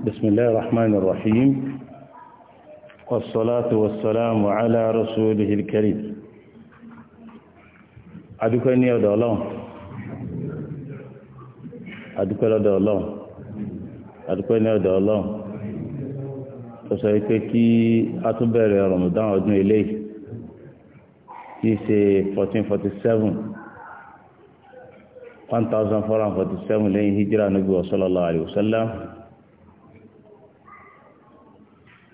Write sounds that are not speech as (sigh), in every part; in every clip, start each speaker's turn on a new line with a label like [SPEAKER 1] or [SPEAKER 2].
[SPEAKER 1] بسم الله الرحمن الرحيم والصلاة والسلام على رسوله الكريم adúpẹ́ ní ọ̀dọ̀ ọlọ́run adúpẹ́ lọ́dọ̀ ọlọ́run adúpẹ́ ní ọ̀dọ̀ ọlọ́run tó sọ wípé kí a tún bẹ̀rẹ̀ Ramadan ọdún eléyìí tí í ṣe fourteen forty seven one thousand four hundred forty seven lẹ́yìn hijira níbi sallallahu alaihi wasallam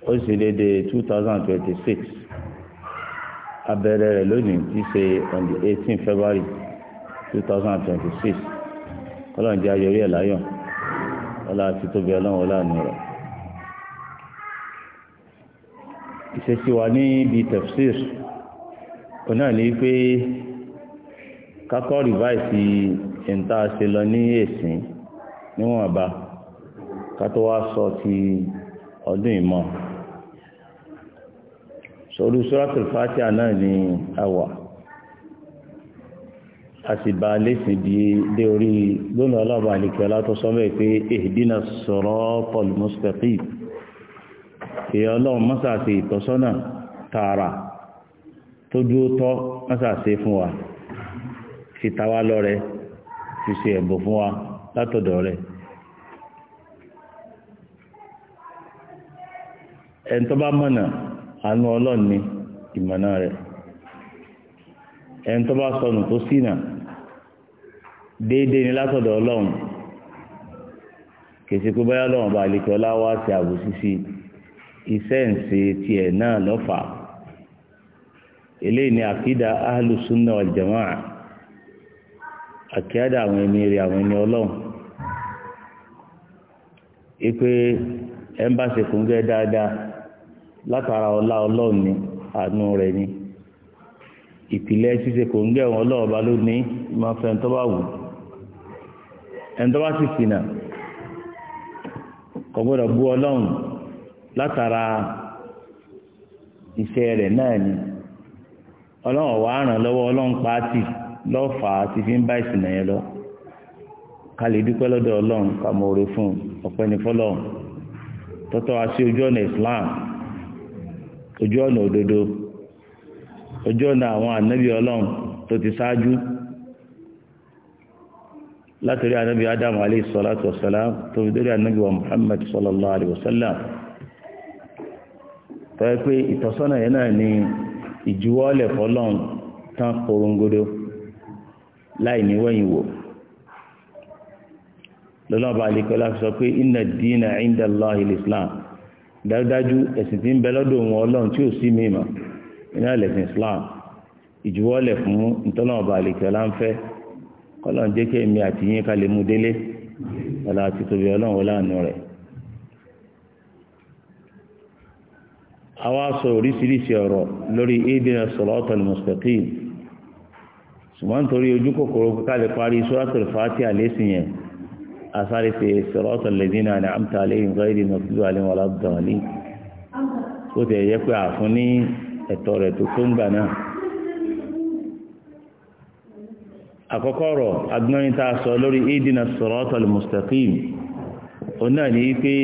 [SPEAKER 1] ó sì de two thousand twenty six abẹ́rẹ́ rẹ̀ lónìí ti ṣe on the eighteen February two thousand twenty six ọlọ́run jẹ́ ayọ̀rí ẹ̀ láyọ̀ ọlá ti tóbi ọlọ́run ọlọ́run rẹ̀. ìṣesí wa ní ibi tafsir òun náà ní pé kákọ́ rìváìsì ìta ṣe lọ ní èsìn níwọ̀nba ká tó wá sọ ti ọdún ìmọ̀. sọ̀rọ̀ suratul Fatiha náà ni a wà a sì bá a lẹ́sìn bí dé orí gbọ́nà ọlọ́ọ̀bà àlèkè ọlátọ́sọ́mọ́ pé ihdina siratal mustaqim èyí ọlọ́run mọ́sàsì ìtọ́sọ́nà tààrà tó dúró tọ́ mọ́sàsì fún wa fi ta wá lọ́rẹ fi ṣe ẹ̀bùn fún wa látọ̀dọ̀ bá mọ̀nà àánú ọlọ́run ni ìmọ̀nà rẹ̀ ẹni tó bá sọ̀nù tó ṣìnà déédéé ni látọ̀dọ̀ ọlọ́run kèsì pé báyọ̀ lọ́wọ́n bá lè kí wá sí àbòsí sí iṣẹ́ ìṣe ẹ̀ náà lọ́fà eléyìí ni àkídà ahlùsúnà ọ̀jẹ̀mọ́à àkíádà àwọn ẹni rẹ̀ àwọn ẹni ọlọ́run ipe ẹ̀ ń bá ṣe kúngẹ́ dáadáa. látara ọlá ọlọ́run ni àánú rẹ̀ ni ìpìlẹ̀ ṣíṣe kò ń gẹ̀wọ̀n ọlọ́ọ̀ba ló ní máa fẹ́ ń tó wù ẹni tó sì ṣìnà kò gbọ́dọ̀ bú ọlọ́run látara iṣẹ́ rẹ̀ náà ni ọlọ́run wàá ràn lọ́wọ́ ọlọ́run pa á ti fi ń bá ìṣìnà yẹn lọ ká lè dúpẹ́ lọ́dọ̀ ọlọ́run ká fún ọ̀pẹ́ fọlọ́run tọ́tọ́ wa sí ojú ọ̀nà Islam ojú ọ̀nà òdodo ojú ọ̀nà àwọn ànábì ọlọ́run tó ti ṣáájú látòrí ànábì ádámù alayhi salatu wassalam tó fi dórí ànábì wa muhammad sallallahu alayhi wa sallam tọ́wọ́ pé ìtọ́sọ́nà yẹn náà ni ìjuwọ́lẹ̀ fọlọ́n tán korongodo láì ní wẹ̀yìn wò lọ́lọ́ba àlekọ́lá sọ pé inna ad-dina islam dájúdájú ẹ̀sìn tí ń bẹ lọ́dọ̀ wọn ọlọ́run tí ò sí mi iná ẹ̀lẹ́sìn Islam ìjuwọ́lẹ̀ fún ntọ́nàmọba àlèkè ọláńfẹ́ kọ́lọ́n jẹ́ kí èmi àti yín ká mú délé ọ̀la àti tóbi ọlọ́run ọláàánú rẹ̀. àwa sọ oríṣiríṣi ọ̀rọ̀ lórí ìdínà sọ̀rọ̀tọ̀ mustaqim ṣùgbọ́n nítorí ojú kòkòrò kíkà asáré pé sọ̀rọ̀tọ̀ lẹ́dínà ní àmta lẹ́yìn gbáyìí ní ọ̀tútù àlẹ́wọ̀n aláàbọ̀lì ó ti yẹ pé àfún ní ẹ̀tọ́ rẹ̀ tó tó ń gbà náà. àkọ́kọ́ ọ̀rọ̀ agbọ́nrin tá a sọ lórí ìdínà sọ̀rọ̀tọ̀ mustaqim òun náà ní pé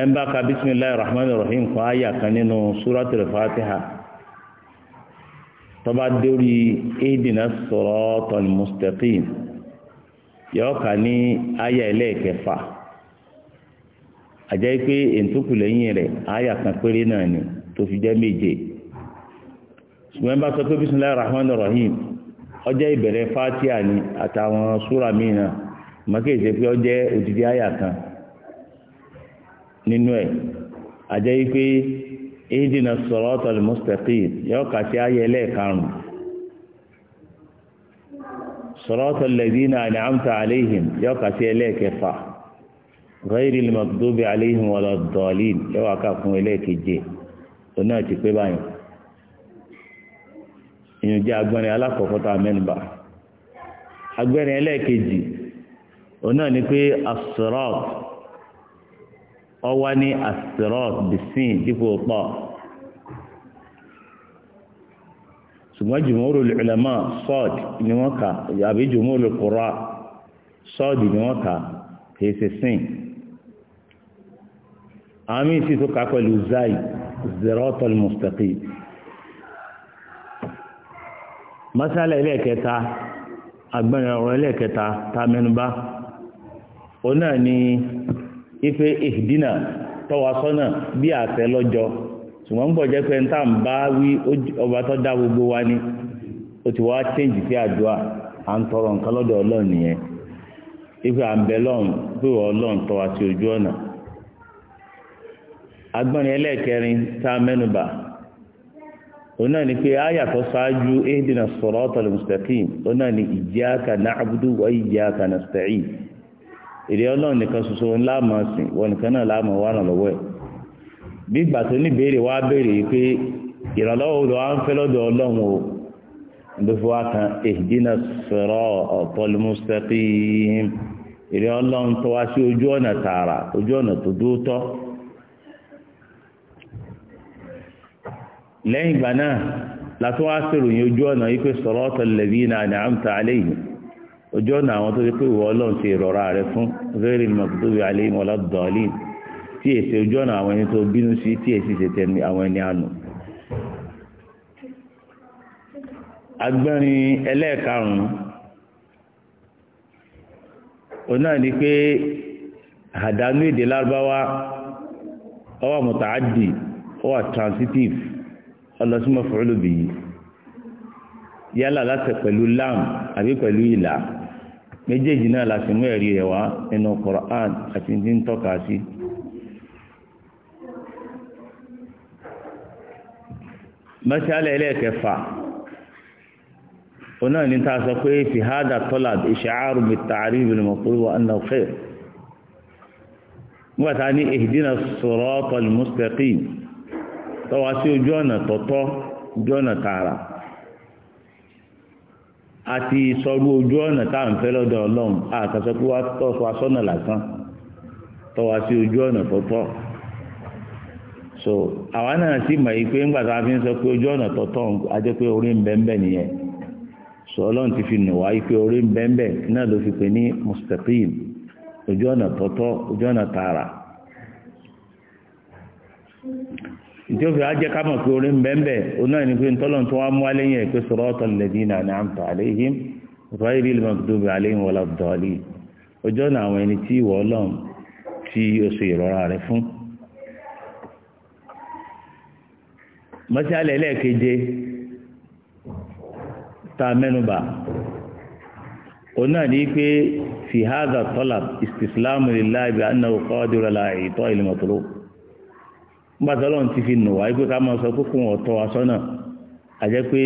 [SPEAKER 1] ẹ ń rahman rahim kan áyà kan nínú súrọ́tìrì fatiha tó bá dórí ìdínà sọ̀rọ̀tọ̀ mustaqim. yọ kà ní àyà ẹlẹ́ẹ̀kẹfà àjẹ́ pé ètùkù lẹ́yìn rẹ̀ àyà kan péré náà ni tó fi jẹ́ méje ṣùgbọ́n bá sọ pé rahman rahim ọjọ́ ìbẹ̀rẹ̀ fatia ni àtàwọn súra míì náà màkèsè pé ọjọ́ òdìdí àyà kan nínú ẹ̀ àjẹ́ pé èyí sọ̀rọ̀ ọ̀tọ̀ lè mọ́sítẹ́kì yọ kà sí صراط الذين أنعمت عليهم يوكا إليك فا غير المغضوب عليهم ولا الضالين يوكا كون إليك جي ona ti pé báyìí ìyẹn jẹ́ agbẹ́rin alákọ̀ọ́kọ́ tá a mẹ́nuba agbẹ́rin ẹlẹ́ẹ̀kejì ona ni pé as-sirat ọwá ní as-sirat bisin dípò pọ̀ ṣùgbọ́n jùmọ́rò ulama sọ́ọ̀d ni wọ́n kà àbí jùmọ́rò kura sọ́ọ̀d ni wọ́n kà kìí ṣe sìn. àmì sì tó kà pẹ̀lú zai zeratal mustaqim. masala ẹlẹ́ẹ̀kẹta agbẹ́rin ọ̀rọ̀ ẹlẹ́ẹ̀kẹta ta mẹ́nubà ó náà ní ife ìdínà tọ́wọ́ bí àṣẹ lọ́jọ́ ṣùgbọ́n ń bọ̀ jẹ́ pé níta ń bá wí ọba tó dá gbogbo wa ni ó ti wá change sí àdúrà à ń tọrọ nǹkan lọ́dọ̀ ọlọ́run nìyẹn ife à ń bẹ lọ́run pé ọlọ́run tọ́ wa sí ojú ọ̀nà agbọ́nrin ẹlẹ́ẹ̀kẹrin tá a mẹ́nubà òun náà ni pé ayàtọ̀ ṣáájú ehdina siratal mustaqim òun náà ni iyyaka na'budu wa iyyaka nasta'in èdè ọlọ́run nìkan ṣoṣo ńlá màá sìn wọn nìkan náà láàmú wà lọ́wọ́ ẹ̀ bí ìgbà tó ní béèrè wá béèrè pé ìrànlọ́wọ́ olùwà ń fẹ́ lọ́dọ̀ ọlọ́run o gbogbo wa kan ehdina siratal mustaqim ìrìn ọlọ́run tó wá sí ojú ọ̀nà tààrà ojú ọ̀nà tó dóótọ́ lẹ́yìn ìgbà náà látọ́ wá sèròyìn ojú ọ̀nà ipe siratal ladina an'amta alayhim ojú ọ̀nà àwọn tó ti pé ìwọ ọlọ́run ti ìrọ̀rà rẹ fún ghayril maghdubi tí èsì ojú ọ̀nà àwọn ẹni tó bínú sí tí èsì ṣe tẹ̀lé àwọn ẹni àánú. agbẹ́rin ẹlẹ́ẹ̀karùn-ún òun náà ni pé àdánù èdè lárúbáwá ó wà mutaaddi ó transitive ọlọ́sùnmọ́ fúrúlùbì yìí yálà láti pẹ̀lú lam àbí pẹ̀lú ìlà méjèèjì náà láti mú ẹ̀rí rẹ̀ wá nínú Qur'an àti ní tọ́ka sí. mẹ́sàlẹ̀ ẹlẹ́ẹ̀kẹfà onáà ní ta sọ pé fi hádà tọ́lá ìṣàárù mi tààrí ìbìnrin mọ̀kúrú wa ẹnà òfẹ́ nígbàtà ní ìdínà sọ̀rọ̀ tọ́lù mustaqim tọ́wá sí ojú ọ̀nà tọ́tọ́ ojú ọ̀nà tààrà àti ìsọrú ojú ọ̀nà tá à ń fẹ́ lọ́dọ̀ ọlọ́run àkàsọ́kú wa tọ́ sọ́nà lásán tọ́wá sí ojú ọ̀nà tọ́tọ́ so àwa náà sì mọ̀ yìí pé ńgbà tá a fi ń sọ pé ojú ọ̀nà tọ̀tọ̀ a jẹ́ pé orí ń bẹ́ńbẹ́ nìyẹn so ọlọ́run ti fi nù wá yìí pé orí ń bẹ́ńbẹ́ náà ló fi pè ní mustaqim ojú ọ̀nà tọ̀tọ̀ ojú ọ̀nà tààrà ìjọba ajẹ́ ká mọ̀ pé orí ń bẹ́ńbẹ́ oná ẹni pé ntọ́lọ́n tó wá mú aléyìn ẹ̀ pé siratal ladina an'amta alayhim ghayril mọ́sálẹ̀ ẹlẹ́ẹ̀keje tá a mẹ́nubà òun náà ní pé fi hadha talab istislamu lillahi bi annahu qadir ala ita'i al-matlub nígbà tí ọlọ́run ti fi nù wá pé ká máa sọ pé kóun ọ̀tọ̀ wa sọ́nà àjẹ́ pé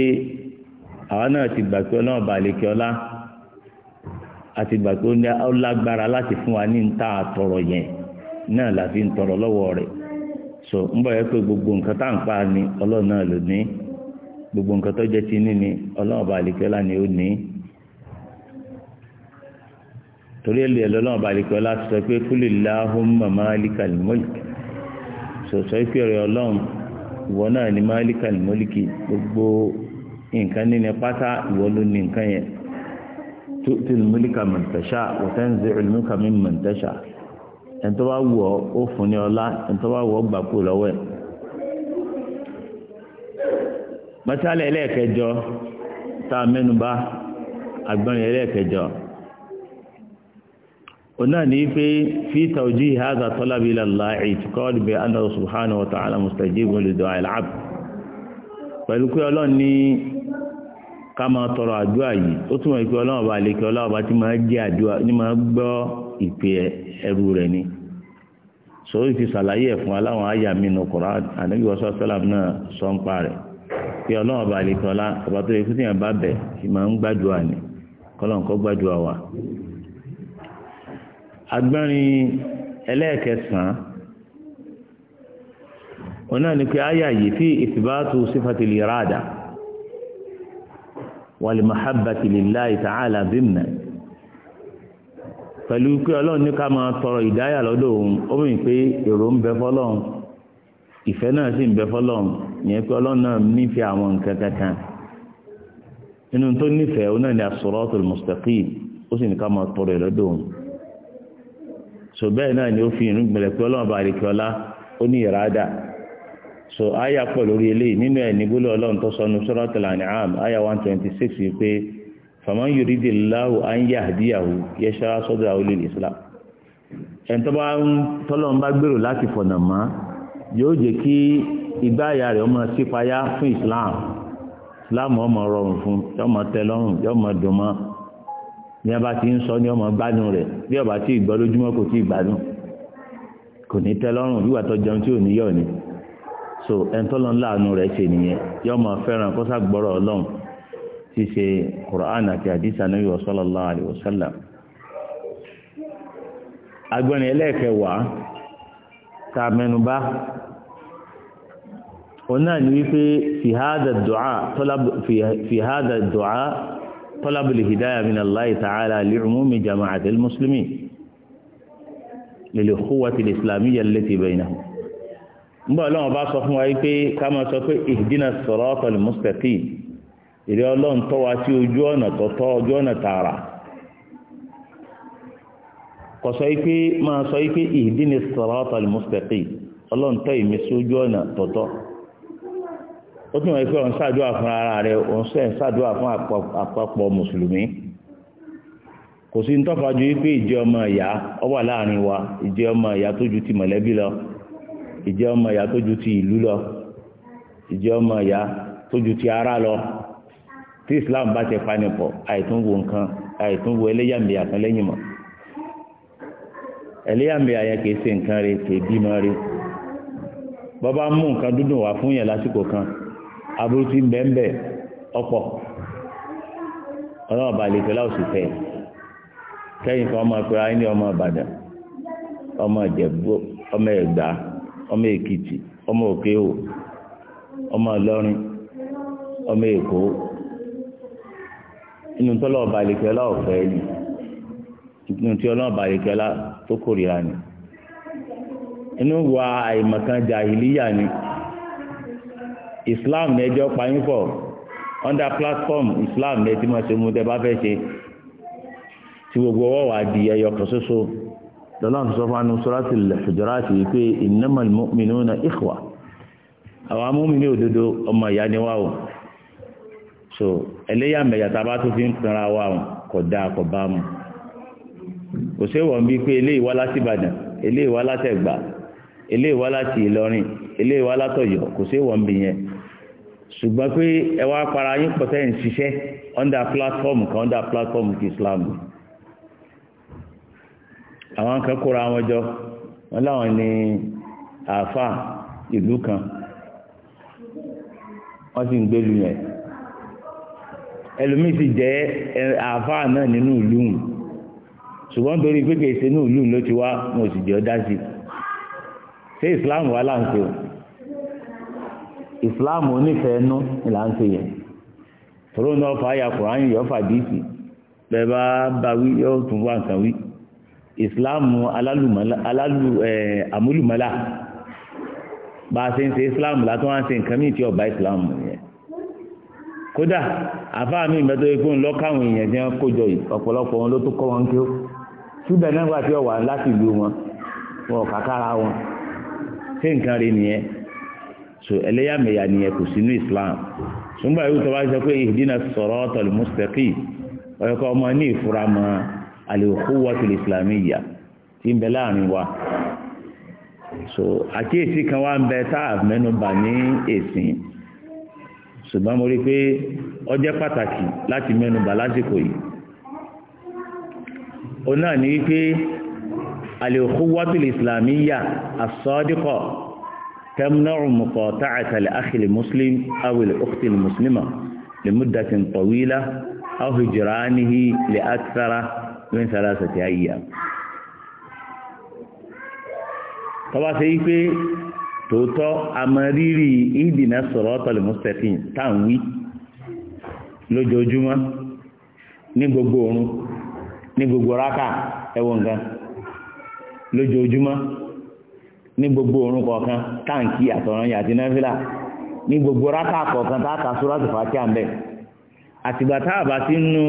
[SPEAKER 1] àwa náà ti gbà pé ọlọ́run bá lè kí ọlá àti gbà pé ó lágbára láti fún wa ní ní ta àtọ̀rọ̀ yẹn náà la ń tọrọ lọ́wọ́ rẹ̀ so ń bọ̀ yẹ gbogbo nǹkan tá à ń pa ni ọlọ́run náà ló ní gbogbo nǹkan tó jẹ́ ti ní ni ọlọ́run ọba àlìkẹ́lá ni ó ní torí ẹ̀ ọba sọ pé láhùn màmá mọ́lìkì ọlọ́run ìwọ náà gbogbo nǹkan pátá ìwọ ló ní nǹkan yẹn tó ẹni tó bá wù ọ́ ó fún ní ọlá ẹni tó bá wù ọ́ gbà kú lọ́wọ́ ẹ̀. mọ́sálẹ̀ ẹlẹ́ẹ̀kẹjọ tá a mẹ́nubà agbọ́nrin ẹlẹ́ẹ̀kẹjọ ona ni pé fi tawji hadha talab ila allah itiqad bi anna subhanahu wa ta'ala mustajibun li du'a al-'abd pẹ̀lú pé ọlọ́run ní ká máa tọrọ àdúrà yìí ó túmọ̀ pé ọlọ́run ọba àlekè ọlọ́run ọba tí máa jẹ́ àdúrà ní máa gbọ́ ìpè ẹrú rẹ̀ ni sọ̀rọ̀ ti ṣàlàyé ẹ̀ fún aláwọn àyà mi nù Kùránì ànábì wọ́n sọ́sọ́làm náà sọ ń pa rẹ̀ pé ọlọ́run ọba àlekè ọlá ọba tó yẹ kúndìyàn bá bẹ̀ kí máa ń gbàdúrà ni kọ́lọ́n kọ́ gbàdúrà agbẹ́rin ẹlẹ́ẹ̀kẹsàn-án náà ni pé àyà yìí fi ìfìbátu sífàtìlì ráàdà wàlìmọ̀hábàtìlì láì tààlà bímnà pẹ̀lú pé ọlọ́run ní ká máa tọrọ ìdáyà lọ́dọ̀ òun ó mìíràn pé èrò ń bẹ fọlọ́run ìfẹ́ náà sì ń bẹ fọlọ́run ìyẹn pé ọlọ́run náà nífẹ̀ẹ́ àwọn nǹkan kankan nínú tó nífẹ̀ẹ́ òun náà ní as-siratul mustaqim ó sì ní ká máa tọrọ ìlọ́dọ̀ òun so bẹ́ẹ̀ náà ni ó fi ìrún gbẹ̀lẹ̀ pé ọlọ́run bàrí kí ọlá ó ní ìràdà so àyà pọ̀ lórí eléyìí nínú ẹ̀ nígbóló ọlọ́run tó sọnu suratul one twenty six yìí faman yuridillahu an yahdiyahu yashra sadrahu lil islam ẹ̀ńtọ́ba tọ́lọ́ ń bá gbèrò láti fọ̀nà mọ́ yóò jẹ́ kí ìgbáyà rẹ̀ ọmọ sípayá fún islam islam ọmọ rọrùn fún yọmọ tẹ́lọ́rùn yọmọ dùnmọ́ ní ọba tí ń sọ ní ọmọ gbádùn rẹ̀ bí ọba tí ìgbọ́ kò tí ì kò ní tẹ́lọ́rùn bí wàá tọ́jọ́ tí ò ní yọ̀ ni so ẹ̀ńtọ́lọ́ ńlá àánú rẹ̀ ṣe nìyẹn yọmọ fẹ́ràn kọ́sà gbọ́rọ̀ ọlọ́run ṣíṣe Qur'an àti àdìsá Ànábì sallallahu alaihi wasallam agbọ́nrin ẹlẹ́ẹ̀kẹwàá tá a mẹ́nubà ona ni wípé fi hada du'a talab fi fi hada du'a talab al hidayah min Allah ta'ala li umumi jama'at al muslimin lil ukhuwati al islamiyyah allati bainahum nbo Ọlọ́run bá èrè ọlọ́run tọ́ wa sí ojú ọ̀nà tọ́tọ́ ojú ọ̀nà tààrà kò sọ pé máa sọ pé ìdíni siratal mustaqim ọlọ́run tọ́ ìmí sí ojú ọ̀nà tọ́tọ́ ó tún pé òun ṣàdúrà fún ara rẹ òun sẹ́ ṣàdúrà fún àpapọ̀ mùsùlùmí kò sí tọ́fà ju ìjẹ́ ọmọ ti mọ̀lẹ́bí lọ ìjẹ́ ọmọ ìyá ti ìlú lọ ìjẹ́ ọmọ ìyá ti ará lọ tí islam bá ti panipọ̀ àìtúnwò nǹkan àìtúnwò ẹlẹ́yàmẹ̀yà kan lẹ́yìn mọ́ ẹlẹ́yàmẹ̀yà yẹn kìí ṣe nǹkan rẹ̀ kìí bímọ rẹ̀ bọ́bá mú nǹkan dúdùn wá fún yẹn lásìkò kan aburú ti ọ̀pọ̀ ọlọ́run balẹ̀ ìfẹ́ láòsì fẹ́ kẹ́yìn kan ọmọ ìpẹ́ra ẹni ọmọ ìbàdàn ọmọ ìjẹ̀bú ọmọ ẹ̀gbá ọmọ èkìtì ọmọ òkèèwò ọmọ inú tó lọ́ọ́ balẹ̀kẹ́ ọlá ọ̀fẹ́ ni inú tí ọlọ́ọ́ balẹ̀kẹ́ ọlá tó kórìíra ni inú wa àìmọ̀kan jàhìlíyà ni Islam ní ẹjọ́ payín pọ̀ under platform Islam ní ẹtí máa ṣe mú tẹ bá fẹ́ ṣe tí gbogbo ọwọ́ wa di ẹyọ kan ṣoṣo lọ́lọ́run sọ fún anu Suratul Hujurat yìí pé innamal na ikhwa àwọn amúmi ní òdodo ọmọ ìyá ni wá o so ẹlẹ́yàmẹ̀yà tá a bá tún fi ń tanra wa kò dáa kò bá mu kò séwọ̀ ń bí pé eléyìí wá láti Ìbàdàn eléyìí wá láti Ẹ̀gbá eléyìí wá láti Ìlọrin eléyìí wá láti kò séwọ̀ ń bí yẹn ṣùgbọ́n pé ẹ para yín pọ̀tẹ́ ń ṣiṣẹ́ under platform kan under platform ti Islam àwọn kan kóra wọn jọ wọn láwọn ní àáfà ìlú kan wọ́n sì ń gbélu yẹn ẹlòmíì sì jẹ́ àáfàá náà nínú ìlú hùn ṣùgbọ́n torí pé kìí ṣe inú ìlú ló ti wá mo sì jẹ́ ọdá sí ṣé islam wà láǹṣe o islam onífẹ̀ẹ́ nú ni là ń ṣe yẹn tòró náà fà á ya kùránì yọ fàdíìsì bẹ́ẹ̀ bá bá wí yóò tún wá nǹkan wí islam alálùmọ́lá alálù ẹ̀ àmúlùmọ́lá bá a ṣe ń ṣe islam látọ́ wá ń ṣe nǹkan míì tí ọba islam yẹn kódà àfáà mi ìgbà tó yẹ kó ń lọ káwọn èèyàn jẹ́ kójọ yìí ọ̀pọ̀lọpọ̀ wọn ló tó kọ́ wọn kí ó síbẹ̀ náà wà tí ó wà láti ìlú wọn wọn ò kàkàrà wọn ṣé nǹkan rí nìyẹn so ẹlẹ́yàmẹ̀yà nìyẹn kò sínú Islam ṣùgbọ́n ìwé tó bá sọ pé ihdina siratal mustaqim ọ̀yọ́kọ́ ọmọ ní ìfura mọ́ al-ukhuwatul islamiyya tí ń bẹ láàrin wa so àkíyèsí kan wá ń bẹ táà mẹ́nu bà ní èsìn ṣùgbọ́n mo rí i pé ó jẹ́ pàtàkì láti mẹ́nubà lásìkò yìí òun náà ní wípé al-ukhuwwatul islamiyya as-sadiqa tamna'u muqata'ata al-akhi al-muslim aw al-ukhti al-muslima limuddatin tawila aw hijranihi li akthara min thalathati ayyam tọ́wá ṣe pé tòótọ́ àmọ́rírì ìdìnà siratal mustaqim táwọn wí lójoojúmọ́ ní gbogbo òun ní gbogbo rákà ẹwọ nǹkan lójoojúmọ́ ní gbogbo òun kọ̀ọ̀kan táǹkì àtọ̀ràn yàtí náfìlà ní gbogbo rákà kọ̀ọ̀kan táàkà sóràtì fàtí àmbẹ̀ àtìgbà táàbà ti nu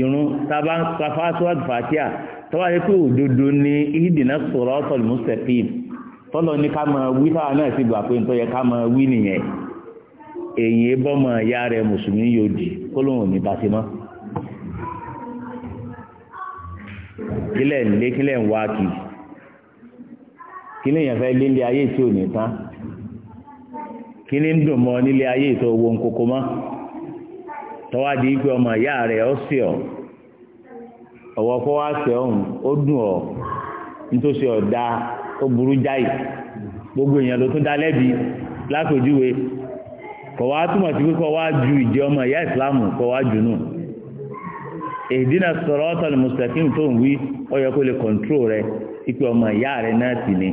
[SPEAKER 1] irun tábà ń safá à tọ́wáyé pé òdodo ní ìdìnà tọlọ ní ká máa wí náà sì gbà pé nítorí ká máa wí nìyẹn èyí bọ́mọ ìyá rẹ̀ mùsùlùmí yóò dì kó ò ní bá mọ́.
[SPEAKER 2] kílẹ̀ kílẹ̀ ń wá kì
[SPEAKER 1] kílẹ̀ yẹn fẹ́ ayé tí ò ní tán kílẹ̀ ń mọ́ nílé ayé ọmọ ya rẹ̀ ó sì ọ̀wọ́ kó wá ọ̀hún ó dùn nítòsí ó burú jáì gbogbo èèyàn ló tún dá lẹ́bi látòjúwe kọ̀ wá túmọ̀ sí pé kọ́ wá ju ìjẹ ọmọ ìyá ìsìláàmù kọ́ wá jù nù èdínà sọ̀rọ̀ ọ̀tọ̀lù mùsùlùmí tó ń wí ó yẹ kó lè kọ̀ǹtró rẹ ipe ọmọ ìyá rẹ náà sì ni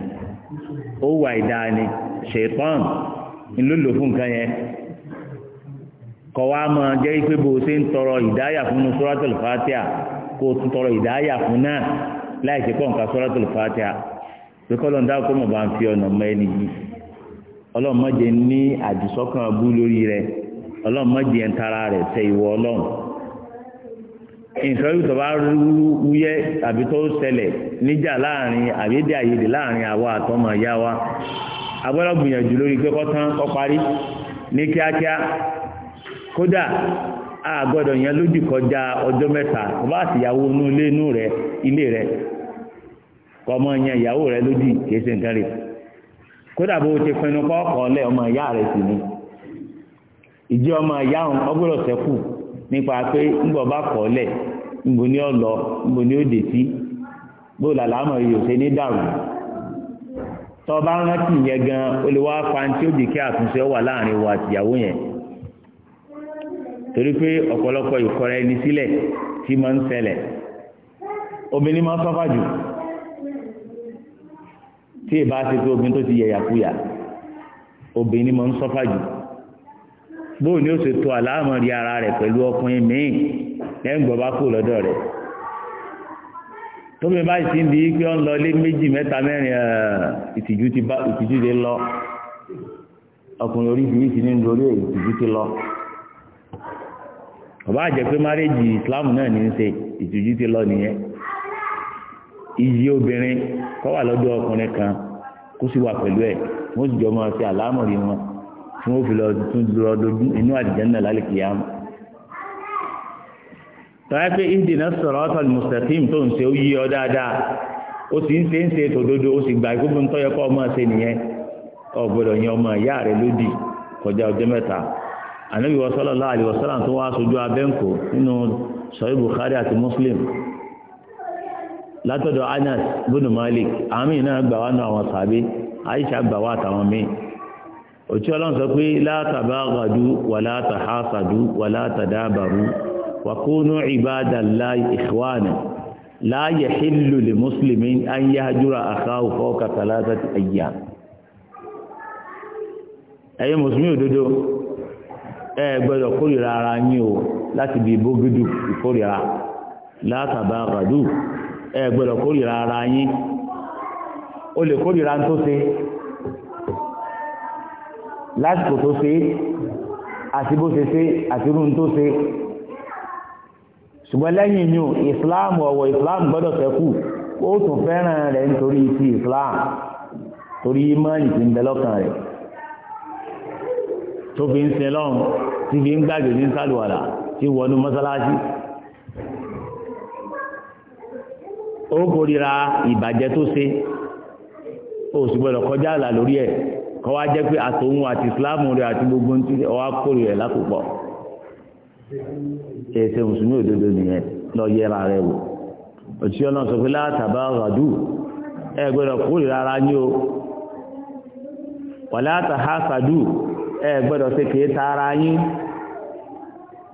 [SPEAKER 1] ó wà ìdáa ni ṣèpọ́n ńlọ́lọ́ fún nǹkan yẹn kọ̀ mọ jẹ́ pé bó o ṣe ń tọrọ ìdáyà fún suratul fatiha kó o tún tọrọ ìdáyà fún náà láì ṣe pọ̀ nǹkan suratul fatiha pé kọ́lọ́n dá kó mọ̀ bá ń fi ọ̀nà mọ ẹni yìí ọlọ́run má jẹ́ ní àdìsọ́kàn abú lórí rẹ ọlọ́run má jẹ́ ń tara rẹ̀ tẹ ìwọ ọlọ́run nǹkan yóò bá wúyẹ́ àbí tó ṣẹlẹ̀ níjà láàrin àbídẹ́ àyèdè láàrin àwa àtọmọ ìyá wa agbọ́dọ̀ gbìyànjú lórí pé kọ́tán kọ́ parí ní kíákíá kódà a gbọ́dọ̀ yẹn lójú kọjá ọjọ́ mẹ́ta ọba àtìyàwó inú ilé inú rẹ ilé rẹ kọ ọmọ yẹn ìyàwó rẹ lódì kìí nǹkan kódà bó ti pinnu ọmọ ìyá rẹ sì ni ìdí ọmọ ìyá ọgbọ́dọ̀ sẹ́kù nípa pé ńgbọ̀ bá kọ́ ní ní sí làlá yìí ò ṣe ní dàrú bá rántí yẹn gan olùwà pàǹtí kí àtúnṣe wà láàrin wa yẹn torí pé ọ̀pọ̀lọpọ̀ ìkọrẹ ẹni sílẹ̀ tí ń tí ì bá ti tó obìnrin tó ti yẹ̀yà kúyà obìnrin mọ̀ ń sọ́fà jù bóò ni ó ṣe tó àlámọ̀ rí ara rẹ̀ pẹ̀lú ọkùnrin míì lẹ́yìn gbọ́ bá kú lọ́dọ̀ rẹ̀ tóbi bá ti ń di pé ó ń lọ lé méjì mẹ́ta mẹ́rin ìtìjú ti bá ìtìjú ti lọ ọkùnrin oríṣiríṣi ní lórí ìtìjú ti lọ ọba àjẹ pé márẹ́jì ìsìláàmù náà ní í ṣe ìtìjú ti lọ nìyẹn iyì obìnrin kọ́ wà lọ́dọ̀ ọkùnrin kan kó sì wà pẹ̀lú ẹ̀ wọ́n sì jọ máa ṣe àlámọ̀rí wọn tí wọ́n fi lọ tún lọ dojú inú àlùjánnà lálẹ́ kìyàmù. tọ́lá pé ìdènà sọ̀rọ̀ ọ̀tọ̀ mùsàkìm tó ń ṣe ó yí ọ dáadáa ó sì ń ṣe ń ṣe tòdodo ó sì gbà gbogbo ń tọ́yọ kọ́ ọmọ ṣe nìyẹn ọ̀gbọ́dọ̀ yan ọmọ ìyá rẹ lódì kọjá ọjọ́ mẹ́ta ànábì sallallahu alaihi Muslim látọ̀dọ̀ anas bunu malik àmì náà gbà wá nù àwọn sàbí aisha gbà wá àtàwọn míì òtí ọlọ́run sọ pé látàbá àgàdú wà látàhásàdú wà látàdábàrú wà kúnú ìbádà láì ìṣwánà láàyè hìlù lè mùsùlùmí an yá jùrà àkáwù fọ́ọ̀kà tàlátà ti àyà ẹ̀yin mùsùlùmí òdodo ẹ gbọ́dọ̀ kórìíra ara yín o láti bí bógúdù ìkórìíra látàbá àgàdú ẹ gbọ́dọ̀ kórìíra ara yín o lè kórìíra tó ṣe lásìkò tó ṣe àti bó ṣe ṣe àti irú tó ṣe ṣùgbọ́n lẹ́yìn inú islam ọ̀wọ̀ islam gbọ́dọ̀ ṣẹ́kù ó tún fẹ́ràn rẹ̀ nítorí ti islam torí imáàlì ti ń bẹ lọ́kàn rẹ̀ tó fi ń sin lọ́run tí fi ń gbàgbé ní sálùwàlà tí wọnú mọ́sálásí ó kórìíra ìbàjẹ́ tó ṣe ó sì gbọ́dọ̀ kọjá àlà lórí ẹ̀ kọ́ wá jẹ́ pé àtòun àti ìsìláàmù rẹ̀ àti gbogbo ní ọwá kórìí rẹ̀ lákòpọ̀ ṣe ṣe mùsùlùmí òdodo nìyẹn lọ yẹra rẹ̀ wò òṣìṣẹ́ ọlọ́run sọ pé látàbá ràdù ẹ gbọ́dọ̀ kórìíra ara ní o wàlá àtàhà sàdù ẹ gbọ́dọ̀ ṣe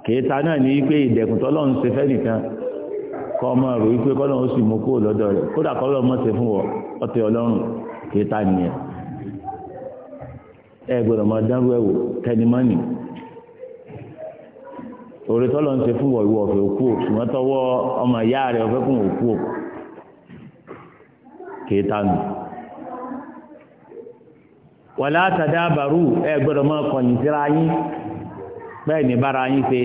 [SPEAKER 1] kèé ta náà ní pé ìdẹ̀kùn tọ́lọ́run ṣe fẹ́ nìkan kọ ọmọ rò wípé kọ́ náà ó sì mú kó lọ́dọ̀ rẹ̀ kódà kọ́ lọ́mọ fún ọtẹ ọlọ́run kì í ta ẹ máa mọ́nì òrè tọ́lọ̀ ọ ìwọ ọ̀fẹ́ òkú ṣùgbọ́n tọwọ́ ọmọ ìyá rẹ̀ ọ̀fẹ́ òkú kì í ta nù bàrú ẹ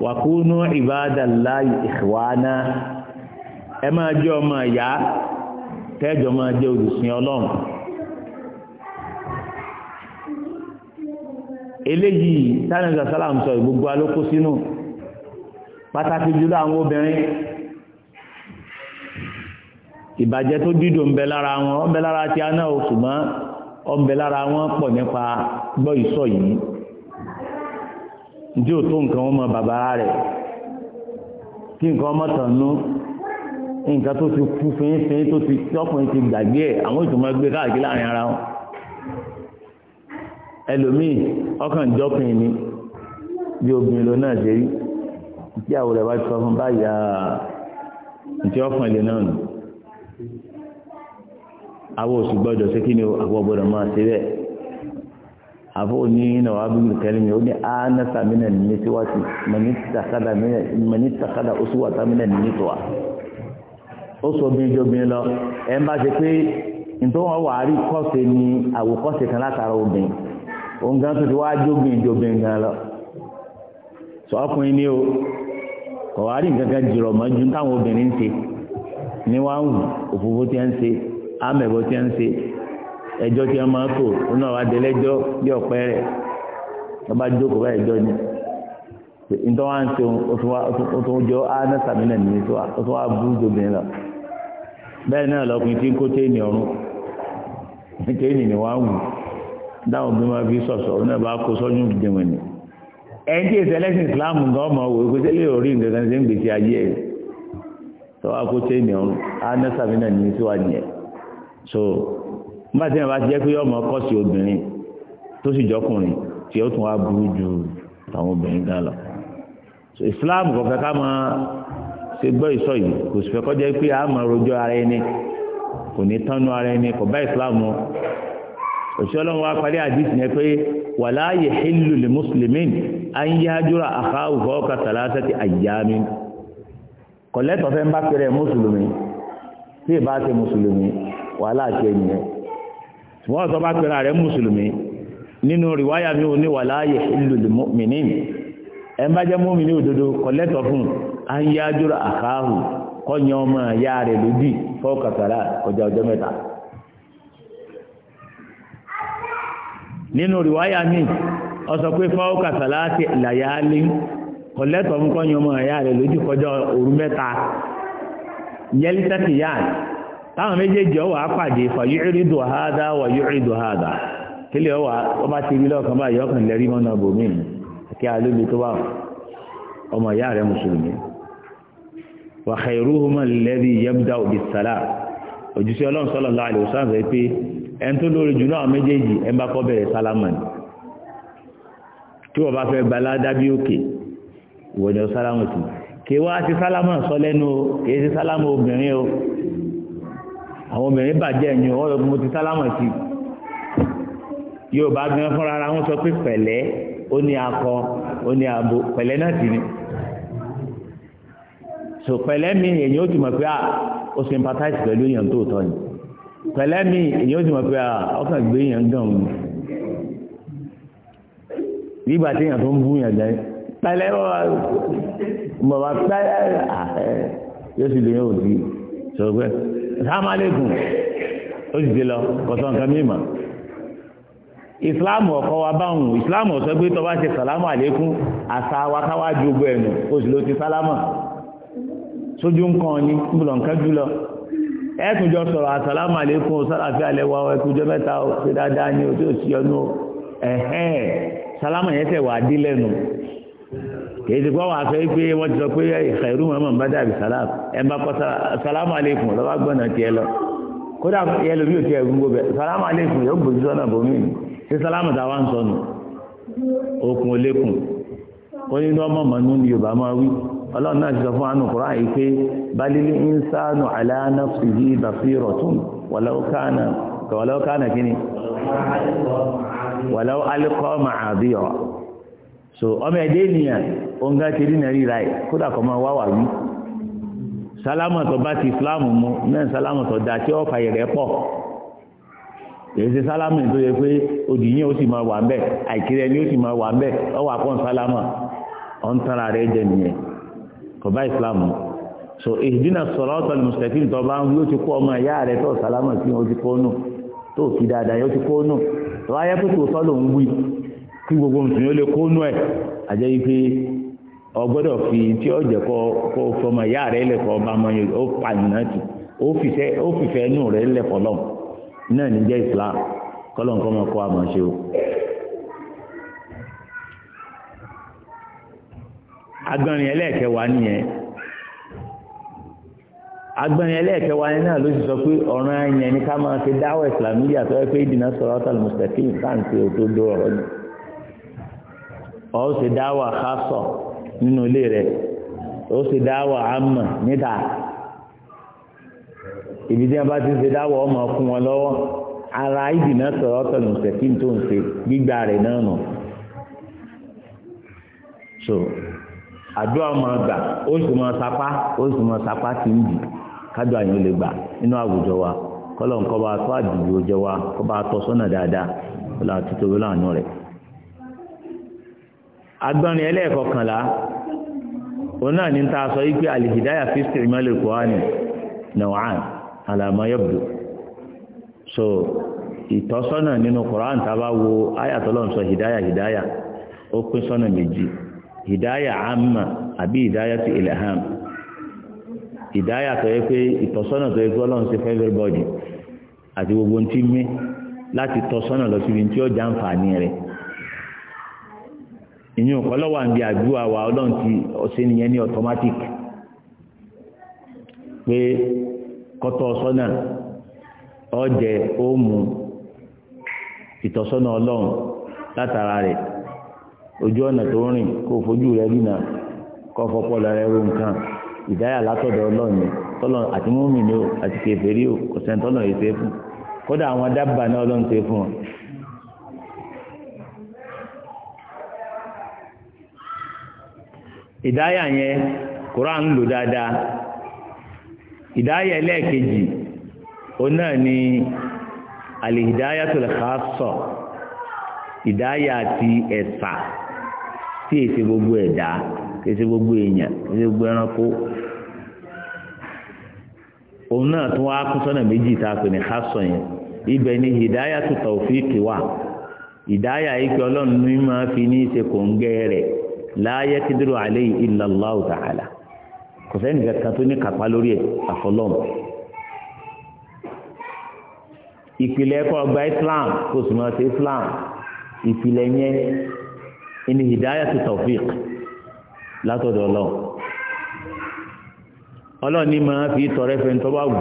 [SPEAKER 1] wàkúnú ibadallahi ikhwana ẹ máa jẹ́ ọmọ ìyá kẹjọ máa jẹ́ olùsìn ọlọ́run
[SPEAKER 2] eléyìí tánàjà sálàm sọ
[SPEAKER 1] ìgbogbo alókó sínú pàtàkì jùlọ àwọn obìnrin ìbàjẹ́ tó dídò ń bẹ lára wọn ń bẹ lára tí a náà oṣù bẹ lára wọn pọ̀ nípa gbọ́ ìsọ yìí ǹdí ò tó nǹkan ọmọ bàbá rẹ̀ kí nǹkan ọmọ tànú nǹkan tó ti kú fínfín tó ti tọkùnrin ti gbàgbé ẹ̀ àwọn ìtumọ̀ gbé káàkiri láàrin ara wọn ẹlòmíì ọkàn jọkùnrin ni bí obìnrin ló náà ṣe rí tí àwòrán bá sọ fún báyà ntí ọkàn ilé náà nù àwọn òsì gbọ́dọ̀ ṣe kí ni àwọn gbọ́dọ̀ máa ṣe bẹ́ẹ̀ abu ni na wabi kalimi wani a na samina nituwa ci manita kada usuwa samina nituwa ó sọ bí jobin lọ ẹ ń bá ṣe pé nítorí wọn wà á rí kọ́ọ̀sì ni àwòkọ́ọ̀sì kan látara obìnrin òun gan tó ti wá jóbin jobin gan lọ sọ ọkùnrin ni o kọ̀ wá rí nǹkan kan jùlọ mọ́ ju táwọn obìnrin ń ṣe ni wọ́n ń wù òfófó tí ń ṣe àmẹ̀bọ̀ tí ń ṣe ẹjọ́ tí wọ́n máa tò ó náà wá dé lẹ́jọ́ bí ọ̀pẹ rẹ̀ wọ́n bá jókòó bá ẹjọ́ ni ntọ́ wa ń sọ òtún jọ ánà sàmínà nìyí tó wà bú jòbìnrin lọ bẹ́ẹ̀ náà lọkùnrin tí ń kó téènì ọ̀run téènì ni wọ́n á wù dáhùn bí wọ́n fi sọ̀sọ̀ òun náà bá kó sọ́yún dìwọ̀n ni ẹni tí èsì ẹlẹ́sìn Islam ń gbọ́ mọ̀ wò ó kóṣẹ́ lè rí nǹkan kan ṣe ń gbèsè ayé ẹ̀ tó kó téènì ọ̀run ánà sàmínà nìyí tó wà nìyẹn nígbà tí wọn bá ti jẹ́ pé ọmọ kọ́ sí obìnrin tó sì jọkùnrin tí ó tún wá burú ju àwọn obìnrin gan lọ Islam kò fẹ́ ká máa ṣe gbọ́ ìsọ yìí kò sì fẹ́ kọ́ jẹ́ pé àmọ́ rojọ́ ara ẹni kò ní tánú ara ẹni kò bá Islam mu òṣìṣẹ́ ọlọ́run wá parí àdìsí yẹn pé wàlá yahilu li muslimin an yahjura akhahu fawqa thalathati kọ̀lẹ́tọ̀ fẹ́ ń bá pẹ̀rẹ̀ mùsùlùmí tí ì bá ṣe mùsùlùmí wàhálà ṣe nìyẹn wọ́n sọ bá pẹ̀lú rẹ̀ mùsùlùmí nínú rìwáyà mi ò ní wà láàyè ìlúlù mìíní ẹ bá jẹ́ mọ́mìnì òdodo kọ̀lẹ́tọ̀ fún ayájúra àkáhù kọ́nyẹ́ ọmọ ìyá rẹ̀ lódì kọjá ọjọ́ mẹ́ta táwọn méjèèjì ọwọ́ apàdé fàyí ìrìdò àádá wà yóò ìrìdò àádá kílẹ̀ ọwọ́ ọba ti rí lọ́kàn báyìí ọkàn lẹ́rí mọ́nà bòmín kí alóbi tó wà ọmọ ìyá rẹ̀ mùsùlùmí wà khairuhuma alladhi yabda'u bis-salam òjísé ọlọ́run sallallahu alaihi wasallam pé ẹn tó lórí jù náà méjèèjì ẹ bá kọ́ bẹ̀rẹ̀ sálámà àwọn obìnrin bàjẹ́ ẹ̀yìn wọ́n lọ mo ti sálámọ̀ sí yorùbá gan fúnra ara wọn sọ pé pẹ̀lẹ́ ó ní akọ ó ní abo pẹ̀lẹ́ náà sì ni so pẹ̀lẹ́ mi èyí ó ti mọ̀ pé à ah, ó sympathize pẹ̀lú èèyàn tó tọ́ ni pẹ̀lẹ́ mi èyí ó ti mọ̀ pé à ah, ọkàn gbé èèyàn gan ni nígbà tí èèyàn tó ń bú yàn jẹ pẹ̀lẹ́ bọ̀ bá pẹ̀lẹ́ ah, eh, yóò sì lè yóò di sọ pé sàmàlẹ́kùn ó sì ti lọ kọ̀sán kan mímọ̀ ìsìláàmù ọ̀kọ́ wa báwọn ìsìláàmù ọ̀sọ́ pé tọ́ bá ṣe sàlámù àlékún àṣà wa káwá ju gbogbo ẹ̀nù oṣù ló ti sálámù sójú nǹkan ni níbùlọ̀ nǹkan jùlọ ẹ̀ẹ́tùn jọ sọ̀rọ̀ àsàlámù àlékún sálàfí alẹ́wà ẹkùjọ mẹ́ta ṣe dáadáa ní ojú òsì ọdún ẹ̀hẹ́n sálámù yẹn tẹ̀ wà á dí lẹ́nu kìí ti gbọ́ wà sọ pé wọ́n ti sọ pé khairu mọ̀mọ́ bá dàbí sàlámù ẹ̀ ń bá kọ́ sàlámù aleikum lọ́wọ́ gbọ́nà tiẹ̀ lọ kódà yẹlò bí o tiẹ̀ gbogbo bẹ̀ sàlámù aleikum yóò gbòjú sọ́nà bòmí ni ṣé sàlámù tá a wá ń sọnù okùn olékùn kó nínú ọmọ mọ̀nú ni Yorùbá máa wí ọlọ́run náà ti sọ fún anukura yìí pé balili insanu ala nafsihi basiratun walau kana walau kana kini walau alqa ma'adira so ọmọ ẹdẹ ènìyàn ònga ti rí nàrí ra ẹ kódà kọ́ wá wà wí sálámù tó bá ti fúlàmù mu náà sálámù tó da tí ọ̀fà yẹ̀rẹ̀ pọ̀ èyí ṣe sálámù tó yẹ pé òdìyàn ó sì máa wà ń àìkiri ẹni ó sì máa wà ń tara rẹ̀ jẹ nìyẹn kò bá so ìdínà sọ̀rọ̀ ọ̀tọ̀ ni mùsùlùmí tó bá ń wí ó ti kó ọmọ ìyá tó sálámù sí ti kó nù tó fi dáadáa yóò ti kó nù tó kí gbogbo mùsùlùmí ó lè kó nú ẹ̀ àjẹ́ yìí pé ọgbọ́dọ̀ fi tí ó jẹ́ kó fọmọ ìyá rẹ̀ lẹ̀kọ́ ọba ọmọ yẹn ó pa ìyìnà tù ó fìfẹ́ inú rẹ̀ lẹ̀kọ́ lọ́wọ́ náà ní jẹ́ Islam kọ́lọ̀ nǹkan ọmọ kọ́ àmọ́ ṣe o. agbọ̀nrin ẹlẹ́ẹ̀kẹwàá nìyẹn agbẹ̀rin ẹlẹ́ẹ̀kẹwàá yẹn náà ló ti sọ pé ọ̀ràn yẹn ni ká máa fi dáwọ̀ ìsìlámù yàtọ̀ ẹ pé ìdìnnà sọ̀rọ̀ ọ̀tàlùmùsítẹ́fì báńkì òdodo ọ̀rọ̀ yìí ọ ó sì dáwà kásọ̀ nínú ilé rẹ ó sì dáwà àmà níta ibi tí wọn bá ti ṣe dáwà ọmọ fún wọn lọ́wọ́ ara ìdìnnà sọ̀rọ̀ ọ̀tọ̀nù sẹ̀kí tó ń ṣe gbígbà rẹ náà nù. so àdúrà máa gbà ó sì máa sapá ó sì máa sapá ti ń jì kájọ àyàn lè gbà nínú àwùjọ wa bá tó jẹ wa kọ́ bá tọ́ agbọ́nrin ẹlẹ́ẹ̀kọkànlá òun náà ní ta sọ wípé alìhìdáyà fífì ìmọ̀lẹ̀ kùránì nàwán àlàmọ́ yọ̀bù so ìtọ́sọ́nà nínú kùránì tá a bá wo ayàtọ́lọ́n sọ hìdáyà hìdáyà ó pín sọ́nà méjì hìdáyà àmà àbí hìdáyà ti ilham hìdáyà tó yẹ pé ìtọ́sọ́nà tó yẹ pé ọlọ́run ṣe fẹ́ everybody àti gbogbo ntí ìyẹn òkọ́ lọ́wọ́ àǹdí àdúrà wa ọlọ́run ti ọ̀sẹ̀ nìyẹn ní automatic pé kọ́tọ́ sọ́nà ọ̀jẹ̀ òmù ìtọ́sọ́nà ọlọ́run látara rẹ̀ ojú ọ̀nà tó ń rìn kó fojú rẹ̀ rí kọ́ fọ́pọ́ lọ ro ìdáyà látọ̀dọ̀ ọlọ́run tọ́lọ̀ o àti kẹfẹ́ fún kódà àwọn náà ọlọ́run fún ọ ìdáyà yẹn Quran lò dáadáa ìdáyà ẹlẹ́ẹ̀kejì òun náà ni àlèhìdáyà tó lè ká sọ ìdáyà ti ẹ̀sà tí èsì gbogbo ẹ̀dá èsì gbogbo èèyàn èsì gbogbo ẹranko òun náà tún wá kún sọ́nà méjì tá a pè ní yẹn ibẹ̀ ni tó ìdáyà yìí ọlọ́run ní máa fi ní rẹ̀ láàyè tí dúró àlẹ́ yìí illallahu ta'ala kò sẹ́ni kankan tó ní kápá lórí ẹ̀ àfọlọ́m ìpìlẹ̀ ẹ̀kọ́ ọgbà islam kò sì máa ṣe islam ìpìlẹ̀ yẹn ìní hidayatu tawfiq látọ̀dọ̀ ọlọ́run ọlọ́run ní máa fi tọrẹ fẹ́ni tó bá wù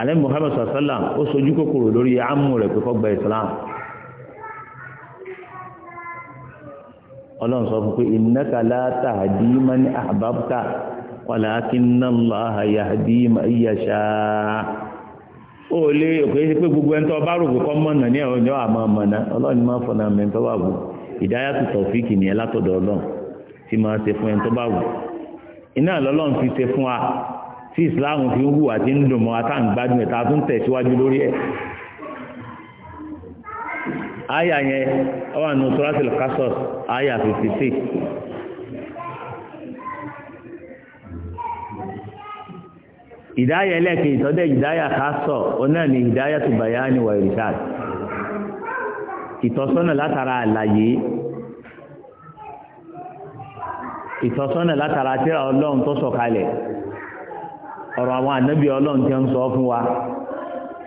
[SPEAKER 1] alẹ́ muhammed sallam ó sojú kòkòrò lórí amú rẹ̀ pé kó gba islam. ọlọ́run sọ fún pé innaka la tahdi man ahbabta walakinna Allaha yahdi man ó lé òkè pé gbogbo ẹni bá rò kọ́ mọ̀nà ní ọjọ́ àmọ́ mọ̀nà ọlọ́run máa fọ̀nà mẹ́ni tó bá wù ìdáyà tó tọ̀fíìkì nìyẹn látọ̀dọ̀ ọlọ́run tí máa ṣe fún ẹni bá wù iná lọ́lọ́run fi ṣe fún wa tí ìsìláàmù fi ń hùwà tí ń dùn mọ́ àyà yẹn wà nù suratul Qasas àyà fifty ìdáyà ẹlẹ́kẹ̀ ìtọ́dẹ̀ ìdáyà kásọ̀ ọ̀nà ni ìdáyà tó bàyá ní wà ìtọ́sọ́nà látara àlàyé ìtọ́sọ́nà látara tírà ọlọ́run tó sọ̀kalẹ̀ ọ̀rọ̀ àwọn ànábì ọlọ́run tí ń sọ fún wa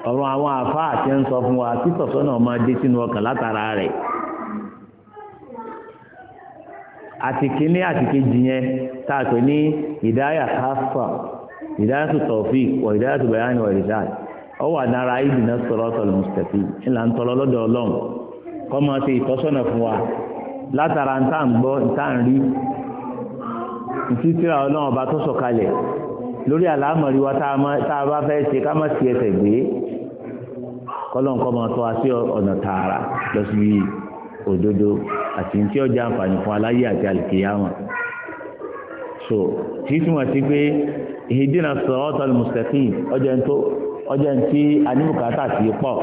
[SPEAKER 1] ọ̀rọ̀ àwọn àfa àti ń fún wa tí tọ̀sọ́nà máa dé sínú ọkàn látara rẹ̀ àti kínní àti kejì tá a pè ní ìdáyà káfà ìdáyà tó tọ̀fì wọ ìdáyà tó bẹ̀rẹ̀ sọ̀rọ̀ ọ̀tọ̀lù mùsùlùmí ńlá ń wa látara ń tá ń gbọ́ ń tá ń rí ìtítí ra ọlọ́run ọba tó sọ̀kalẹ̀ lórí àlámọ̀rí tá a bá kọ́lọ́n kọ́ máa tọ́ wa sí ọ̀nà tààrà lọ sí òdodo àti tí ọjà àǹfààní fún aláyé àti àlìkèyàmọ̀ so tí túmọ̀ sí pé ìdínà siratal mustaqim ọjà ń tó ọjà ń tí anímùkátà sí pọ̀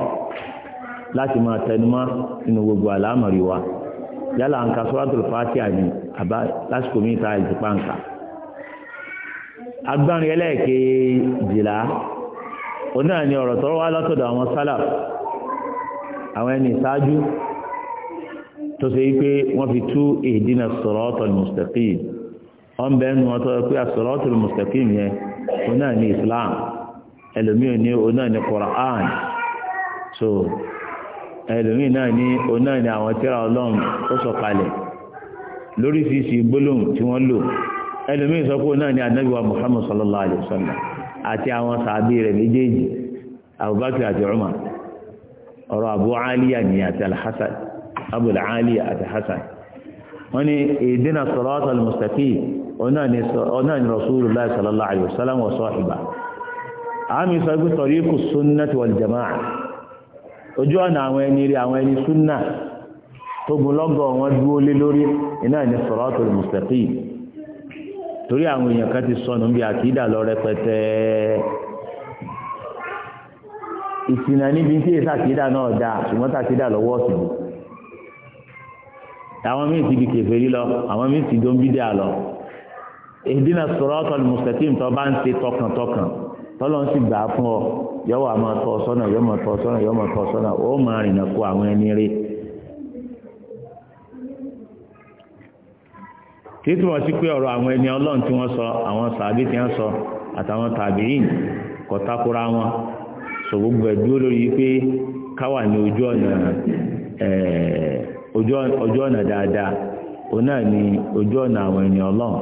[SPEAKER 1] láti máa tẹnumọ́ nínú gbogbo àlámọ̀rí wa yálà ń ka suratul Fatiha ni àbá lásìkò mi ta ìdìpá ń ka agbárin ẹlẹ́ẹ̀kejìlá òun náà ni ọ̀rọ̀ tọ́rọ wá látọ̀dọ̀ àwọn sálà
[SPEAKER 2] àwọn ẹni ìsáájú
[SPEAKER 1] tó ṣe wípé wọ́n fi tú ihdina siratal mustaqim wọ́n bẹ̀ ẹnu wọn tọ́rọ pé as-siratal yẹn òun ni Islam ẹlòmíì ní òun ni Qur'an so ẹlòmíì náà ní òun náà ni àwọn tíra ọlọ́run tó sọ̀kalẹ̀ lóríṣiríṣi gbólóhùn tí wọ́n lò ẹlòmíì sọ pé òun ni Ànábì Muhammad sallallahu alayhi wa sallam àti àwọn sàbí rẹ̀ méjèèjì abubakar àti umar ọ̀rọ̀ abu aliya ni àti alhassan abu aliya àti hassan wọ́n ní ìdínà sọ̀rọ̀tọ̀ almustaqi ọ̀nà ni rasulullah sallallahu alayhi wa sallam wa sọ́ọ̀hìbá àmì sọ pé sọ̀rí kù súnnà ti wal jama'a ojú ọ̀nà àwọn ẹni rí àwọn ẹni súnnà tó gun lọ́gọ̀ wọn dúó lé lórí iná ni sọ̀rọ̀tọ̀ almustaqi torí àwọn èèyàn kan ti sọnù bí àkìdá lọ rẹpẹtẹ ìsìnà níbi tí èsì àkìdá náà dá ṣùgbọ́n tí àkìdá lọ́wọ́ ọ̀sìn àwọn míì ti di kèfèrí lọ àwọn míì ti dóńbídà lọ ìdínà siratal mustaqim tó bá ń ṣe tọkàntọkàn tọ́lọ́ ń sì gbà á fún ọ yọ̀wọ̀ àmọ́ tọ́ sọ́nà yọ̀mọ̀ tọ́ sọ́nà yọ̀mọ̀ tọ́ sọ́nà ó máa rìnà kó àwọn ẹni rí. kìí wọ́n sí pé ọ̀rọ̀ àwọn ẹni ọlọ́run tí wọ́n sọ àwọn sàbí tí wọ́n sọ àtàwọn tàbí wọn sọ gbogbo ẹ̀ lórí pé káwà ní ojú ọ̀nà ọ̀nà dáadáa náà ojú ọ̀nà àwọn ẹni ọlọ́run.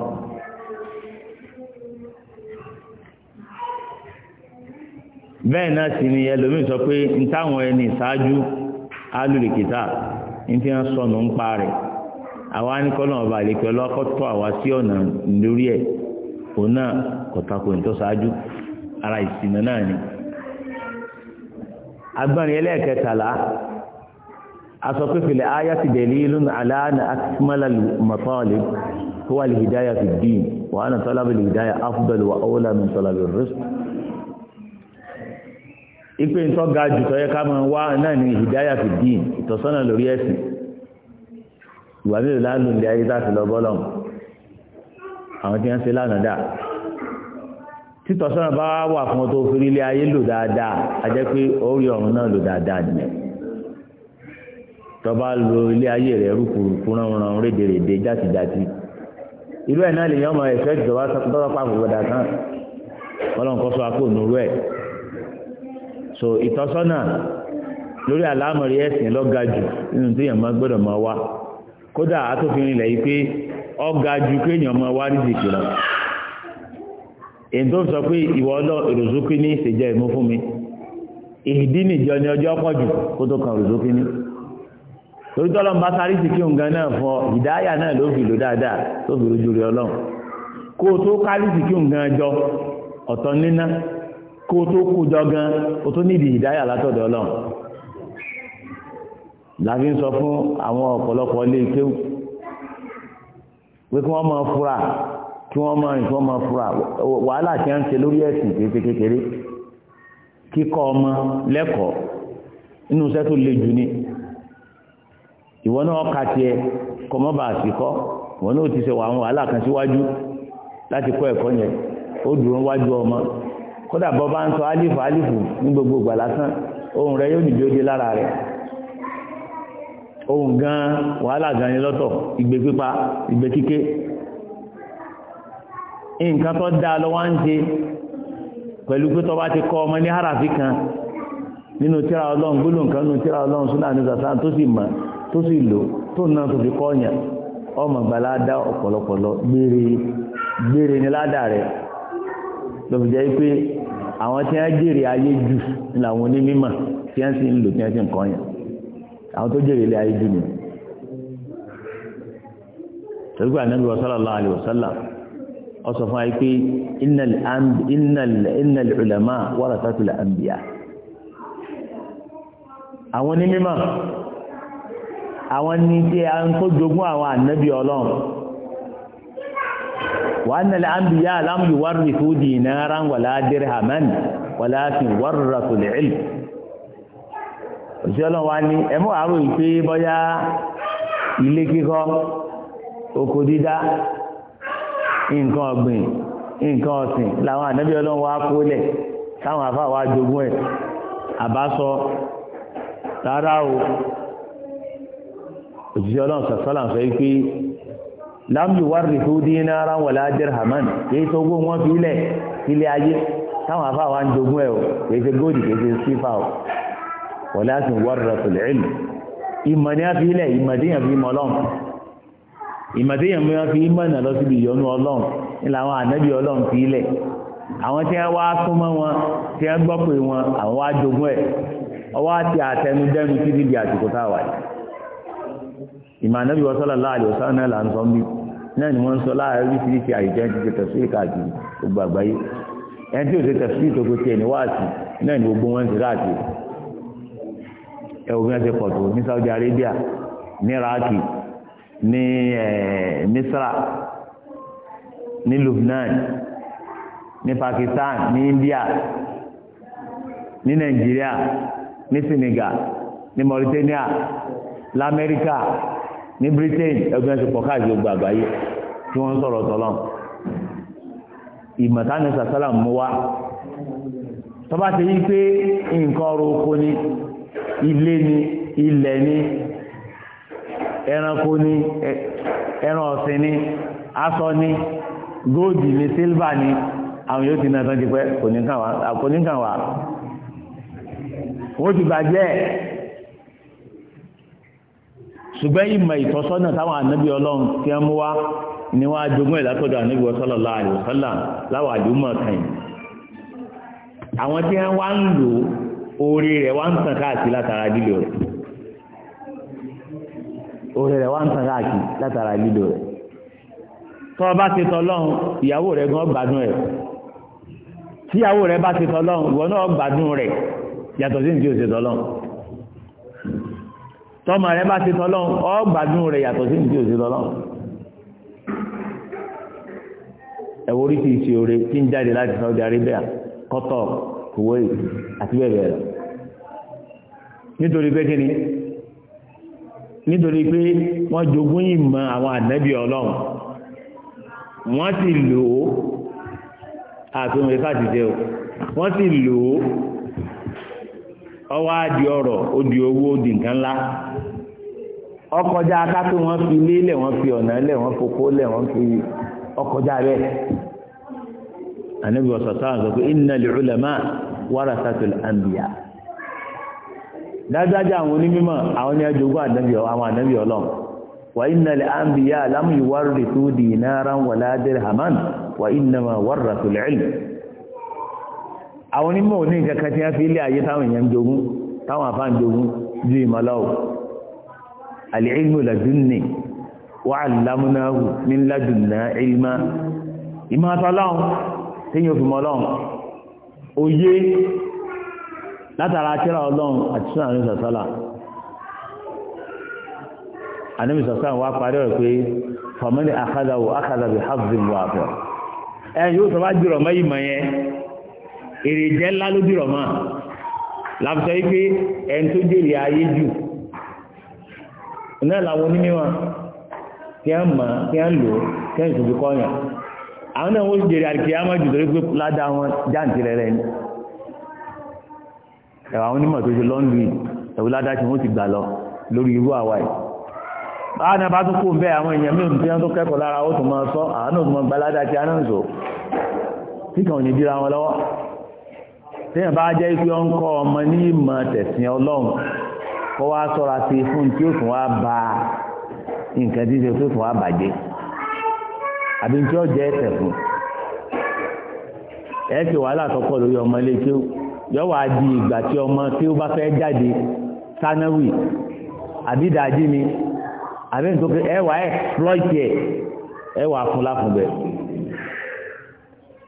[SPEAKER 1] bẹ́ẹ̀ náà sì ni ẹlòmíín sọ pé táwọn ẹni àwa ní kọ́lọ̀ ọba àlekẹ́ ọlọ́kọ́tọ́ àwa sí ọ̀nà lórí ẹ̀ òun náà kọ̀tàkù ìtọ́sáájú ara ìsìnà náà ni. agbọ́nrin ẹlẹ́ẹ̀kẹtàlá aṣọ pípìlẹ̀ ayá ti dẹ̀ lílu aláàánà akíkúmọ́lá mọ̀tọ́ọ̀lì tó wà lè hìdáyà fi dín wàá nà tọ́lá bí lè hìdáyà áfúdọ̀lù wà ọ́wọ́lá mi tọ́lá ipe ntọ́ ga jù tọ́yẹ ká máa wá náà fi dín ìtọ́sọ́nà lórí ẹ̀sìn ìwà mélòó lánàá ilé ayé láti lọ bọ́lọ̀ àwọn tí wọ́n ṣe lánàá dà títọ́sọ́nà bá wà fún ọ tó fi ilé ayé lò dáadáa a jẹ́ pé ó rí ọ̀run náà lò dáadáa nìyẹn tọ́ba lo ilé ayé rẹ̀ rúkúrúkú ránran rédèrèdè játijàti irú ẹ̀ náà lè yàn ọmọ ẹ̀fẹ́ ìjọba tọ́jọ́ pàpọ̀ gbọ́dà tán ọlọ́nkọ́ sọ àpò ònúrú ẹ̀ so ìtọ́sọ́nà lórí àlámọ̀rí ẹ̀sìn lọ́gàjù nínú tí yàn máa gbọ́dọ̀ máa wá kódà atófin ilẹ̀ yìí pé ọ̀gá ju kéèyàn ọmọ wa rídì kìlọ̀ èyí tó sọ pé ìwọ ọlọ ìròzókè ní ìṣèjẹ ìmú fún mi ìdí nìjọ ni ọjọ́ pọ̀ jù kó tó kan ìròzókè ní torí tọ́lọ́ bá sáré sí kí òǹgá náà fọ ìdáyà náà ló fi lò dáadáa tó fi lójú rẹ ọlọ́run kó o tó kárí sí kí jọ ọ̀tọ̀ níná kó o tó kó jọ gan o tó nídìí ìdáyà látọ̀dọ̀ ọlọ́run láti ń sọ fún àwọn ọ̀pọ̀lọpọ̀ ilé kéwù pé kí wọ́n máa fura kí wọ́n máa rìn kí wọ́n máa fura wàhálà tí wọ́n ń ṣe lórí ẹ̀sìn kéèké kékeré kíkọ́ ọmọ lẹ́kọ̀ọ́ inú iṣẹ́ tó le jù ni ìwọ náà ka tiẹ̀ kọ́ mọ́ bá a sì kọ́ ìwọ náà ti ṣe àwọn wàhálà kan síwájú láti kọ́ ẹ̀kọ́ yẹn ó dúró wájú ọmọ kódà bọ́ bá ń sọ álífù álífù ní gbogbo ìgbà lásán ohun rẹ yóò nìjó ohun gan wàhálà gan ni lọ́tọ̀ ìgbé pípa ìgbé kíké nǹkan tó dáa lọ wá ń ṣe pẹ̀lú pé tó ti kọ ọmọ ní kan nínú tíra ọlọ́run gbólóhùn kan nínú tíra ọlọ́run súnà ní sàtàn tó sì mọ̀ tó sì lò tó náà tó fi kọ́ ọ̀yàn ọmọ gbàlá dá ọ̀pọ̀lọpọ̀lọ gbére gbére ni ládàá rẹ̀ lọ́fi jẹ́ pé àwọn tí wọ́n jèrè ayé jù ni làwọn onímọ̀ tí àwọn tó jèrè ilé ayé jù ní tẹ̀lifù ànábi sallallahu alaihi wasallam ó sọ fún ayé pé innal ulama warathatul anbiya àwọn ní mímọ̀ àwọn ní tí a ń kó jogún àwọn ànábi ọlọ́run wa annal anbiya lam yuwarrithu dinaran wala dirhaman walakin warrathul ilm òṣìṣẹ́ ọlọ́run wá ní ẹ̀mọ́ àárò ìpé bọ́yá ilé kíkọ́ oko dídá nǹkan ọ̀gbìn nǹkan ọ̀sìn làwọn ànábì ọlọ́run wá kólẹ̀ táwọn àfáà wá jogún ẹ̀ àbásọ rárá o òṣìṣẹ́ ọlọ́run sàṣọ́là sọ pé lámì wá rí tó dín náà ara wọ̀lá dirhaman èyí tó gbó wọn fi ilẹ̀ ilé ayé táwọn àfáà wá ń jogún ẹ̀ o kì ṣe góòdì kì ṣe sífà o wọlé ورث العلم، tó lẹ́yìn ìmọ̀ ni a fi ilẹ̀ ìmọ̀ tí yẹn fi mọ̀ ọlọ́run ìmọ̀ tí yẹn fi ìmọ̀ náà lọ síbi ìyọnu ọlọ́run ní làwọn ànábì ọlọ́run fi ilẹ̀ àwọn tí wọ́n wá súnmọ́ wọn tí wọ́n gbọ́ pé wọn àwọn wá jogún ẹ̀ ọwọ́ àti àtẹnudẹ́nu títí di àsìkò táwa yìí ìmọ̀ ànábì wọ́n sọ́lá láàlú ọ̀sán náà là ń sọ ń náà ni wọ́n ń sọ láàrin oríṣiríṣi àìjẹ́ ti ṣe tẹ̀síì káàkiri gbogbo àgbáyé ẹni tí ò ṣe tẹ̀síì tó kó tiẹ̀ ní wáàsì náà ni gbogbo wọn ń ṣe láàkiri ẹ̀wọ̀n bí wọ́n ṣe pọ̀ tó ní Saudi Arabia ní Iraki ní Misra ní Lubnan ní Pakistan ní India ní Nigeria, ní Senegal ní Mauritania l'Amẹ́ríkà ní Britain ẹ̀wọ̀n bí wọ́n ṣe pọ̀ káàkiri gbogbo àgbáyé tí wọ́n ń sọ̀rọ̀ tọ́lọ́n ìmọ̀tánù sàsálà mú ti yí pé nǹkan ọrọ̀ oko ni. ilé ni ilẹ̀ ni ẹranko ni ẹran ọ̀sìn ni aṣọ ni góòdì ni sílvà ni àwọn yóò ti náà tán ti pẹ́ kò ní kàn wá wọ́n ti bàjẹ́ ṣùgbọ́n ìmọ̀ ìtọ́sọ́nà táwọn ànábì ọlọ́run ti wọ́n mú wá ni wọ́n á jogún ẹ̀ látọ̀dọ̀ ànábì sallallahu àwọn tí wọ́n wá oore rẹ̀ wá ń tàn káàkiri látara lílo rẹ̀ oore rẹ̀ wá ń tàn káàkiri látara lílo rẹ̀ tọ́ ọ bá ti tọ́ lọ́hùn ìyàwó rẹ̀ gan gbádùn ẹ̀ tíyàwó rẹ̀ bá ti tọ́ lọ́hùn ìwọ náà gbádùn rẹ̀ yàtọ̀ sí ní tí o ṣe tọ́ lọ́hùn tọ́mọ rẹ̀ bá ti tọ́ lọ́hùn ọ gbádùn rẹ̀ yàtọ̀ sí ní tí o ṣe tọ́ orí ti ṣe oore tí ń jáde láti Saudi Arabia Qatar Kuwait àti bẹ́ẹ̀ bẹ́ẹ̀ lọ nítorí pé kí ni nítorí pé wọ́n jogún ìmọ̀ àwọn ànábì ọlọ́run wọ́n sì lò ó àtúnwé fàtìjẹ́ o wọ́n sì lò ó ọwọ́ àdì ọ̀rọ̀ ó di owó ó di nǹkan ńlá ọkọjá akápé wọ́n fi ilé lẹ̀ wọ́n fi ọ̀nà lẹ̀ wọ́n fokó lẹ̀ wọ́n fi ọkọjá bẹ́ẹ̀ ànábì ọ̀sọ̀tàn sọ pé innal ulama warasatul anbiya dájájá àwọn onímọ̀ àwọn ní ajogún ànábì àwọn ànábì ọlọ́run wà innal anbiya lam yuwarrithu dinaran wala dirhaman wà innama warrathul ilm àwọn onímọ̀ òní nǹkan kan tí wọ́n fi ilé ayé táwọn èèyàn jogún táwọn afá ń jogún ju ìmọ̀lọ́wọ́ al látara tíra ọlọ́run àti sọ́nà àníbi sàṣálà àníbi sàṣálà wá parí ọ̀rọ̀ pé fàmílì àkàdàwò àkàdàbì hafzim wà fẹ́ ẹ yóò sọ bá jùrọ̀ mọ́ ìmọ̀ yẹn èrè jẹ́ ńlá ló jùrọ̀ mọ́ làbùsọ̀ yìí pé ẹni tó jèrè ayé jù náà làwọn onímọ̀ kí á mọ̀ kí á lò kí á ìṣòfin kọ́yàn àwọn náà wọ́n jèrè àríkè á má jù torí pé ládàá wọn jáǹtì rẹ̀ rẹ̀ ni ẹ̀wà àwọn onímọ̀ tó ṣe lọ́nlù ẹ̀wù ládáṣe wọ́n ti gbà lọ lórí irú àwa ẹ̀ báwọn náà bá tún kó bẹ́ẹ̀ àwọn èèyàn mí òtún tó kẹ́kọ̀ọ́ lára ó tún máa sọ àánú òtún máa gba ládáṣe anáǹsọ tí kàn wọn lọ́wọ́ téèyàn bá jẹ́ pé ó ọmọ ní ìmọ̀ tẹ̀sìn ọlọ́run kó wá sọ́ra ba nǹkan tí ó tún wá bàjẹ́ àbí tí ó jẹ́ yọ wá di ìgbà tí ọmọ tí ó bá fẹ́ jáde sanawi àbídájí ni àbí nítorí ẹwà ẹ̀ flọ́ìtì ẹ̀ ẹwà fúnláfúnbẹ̀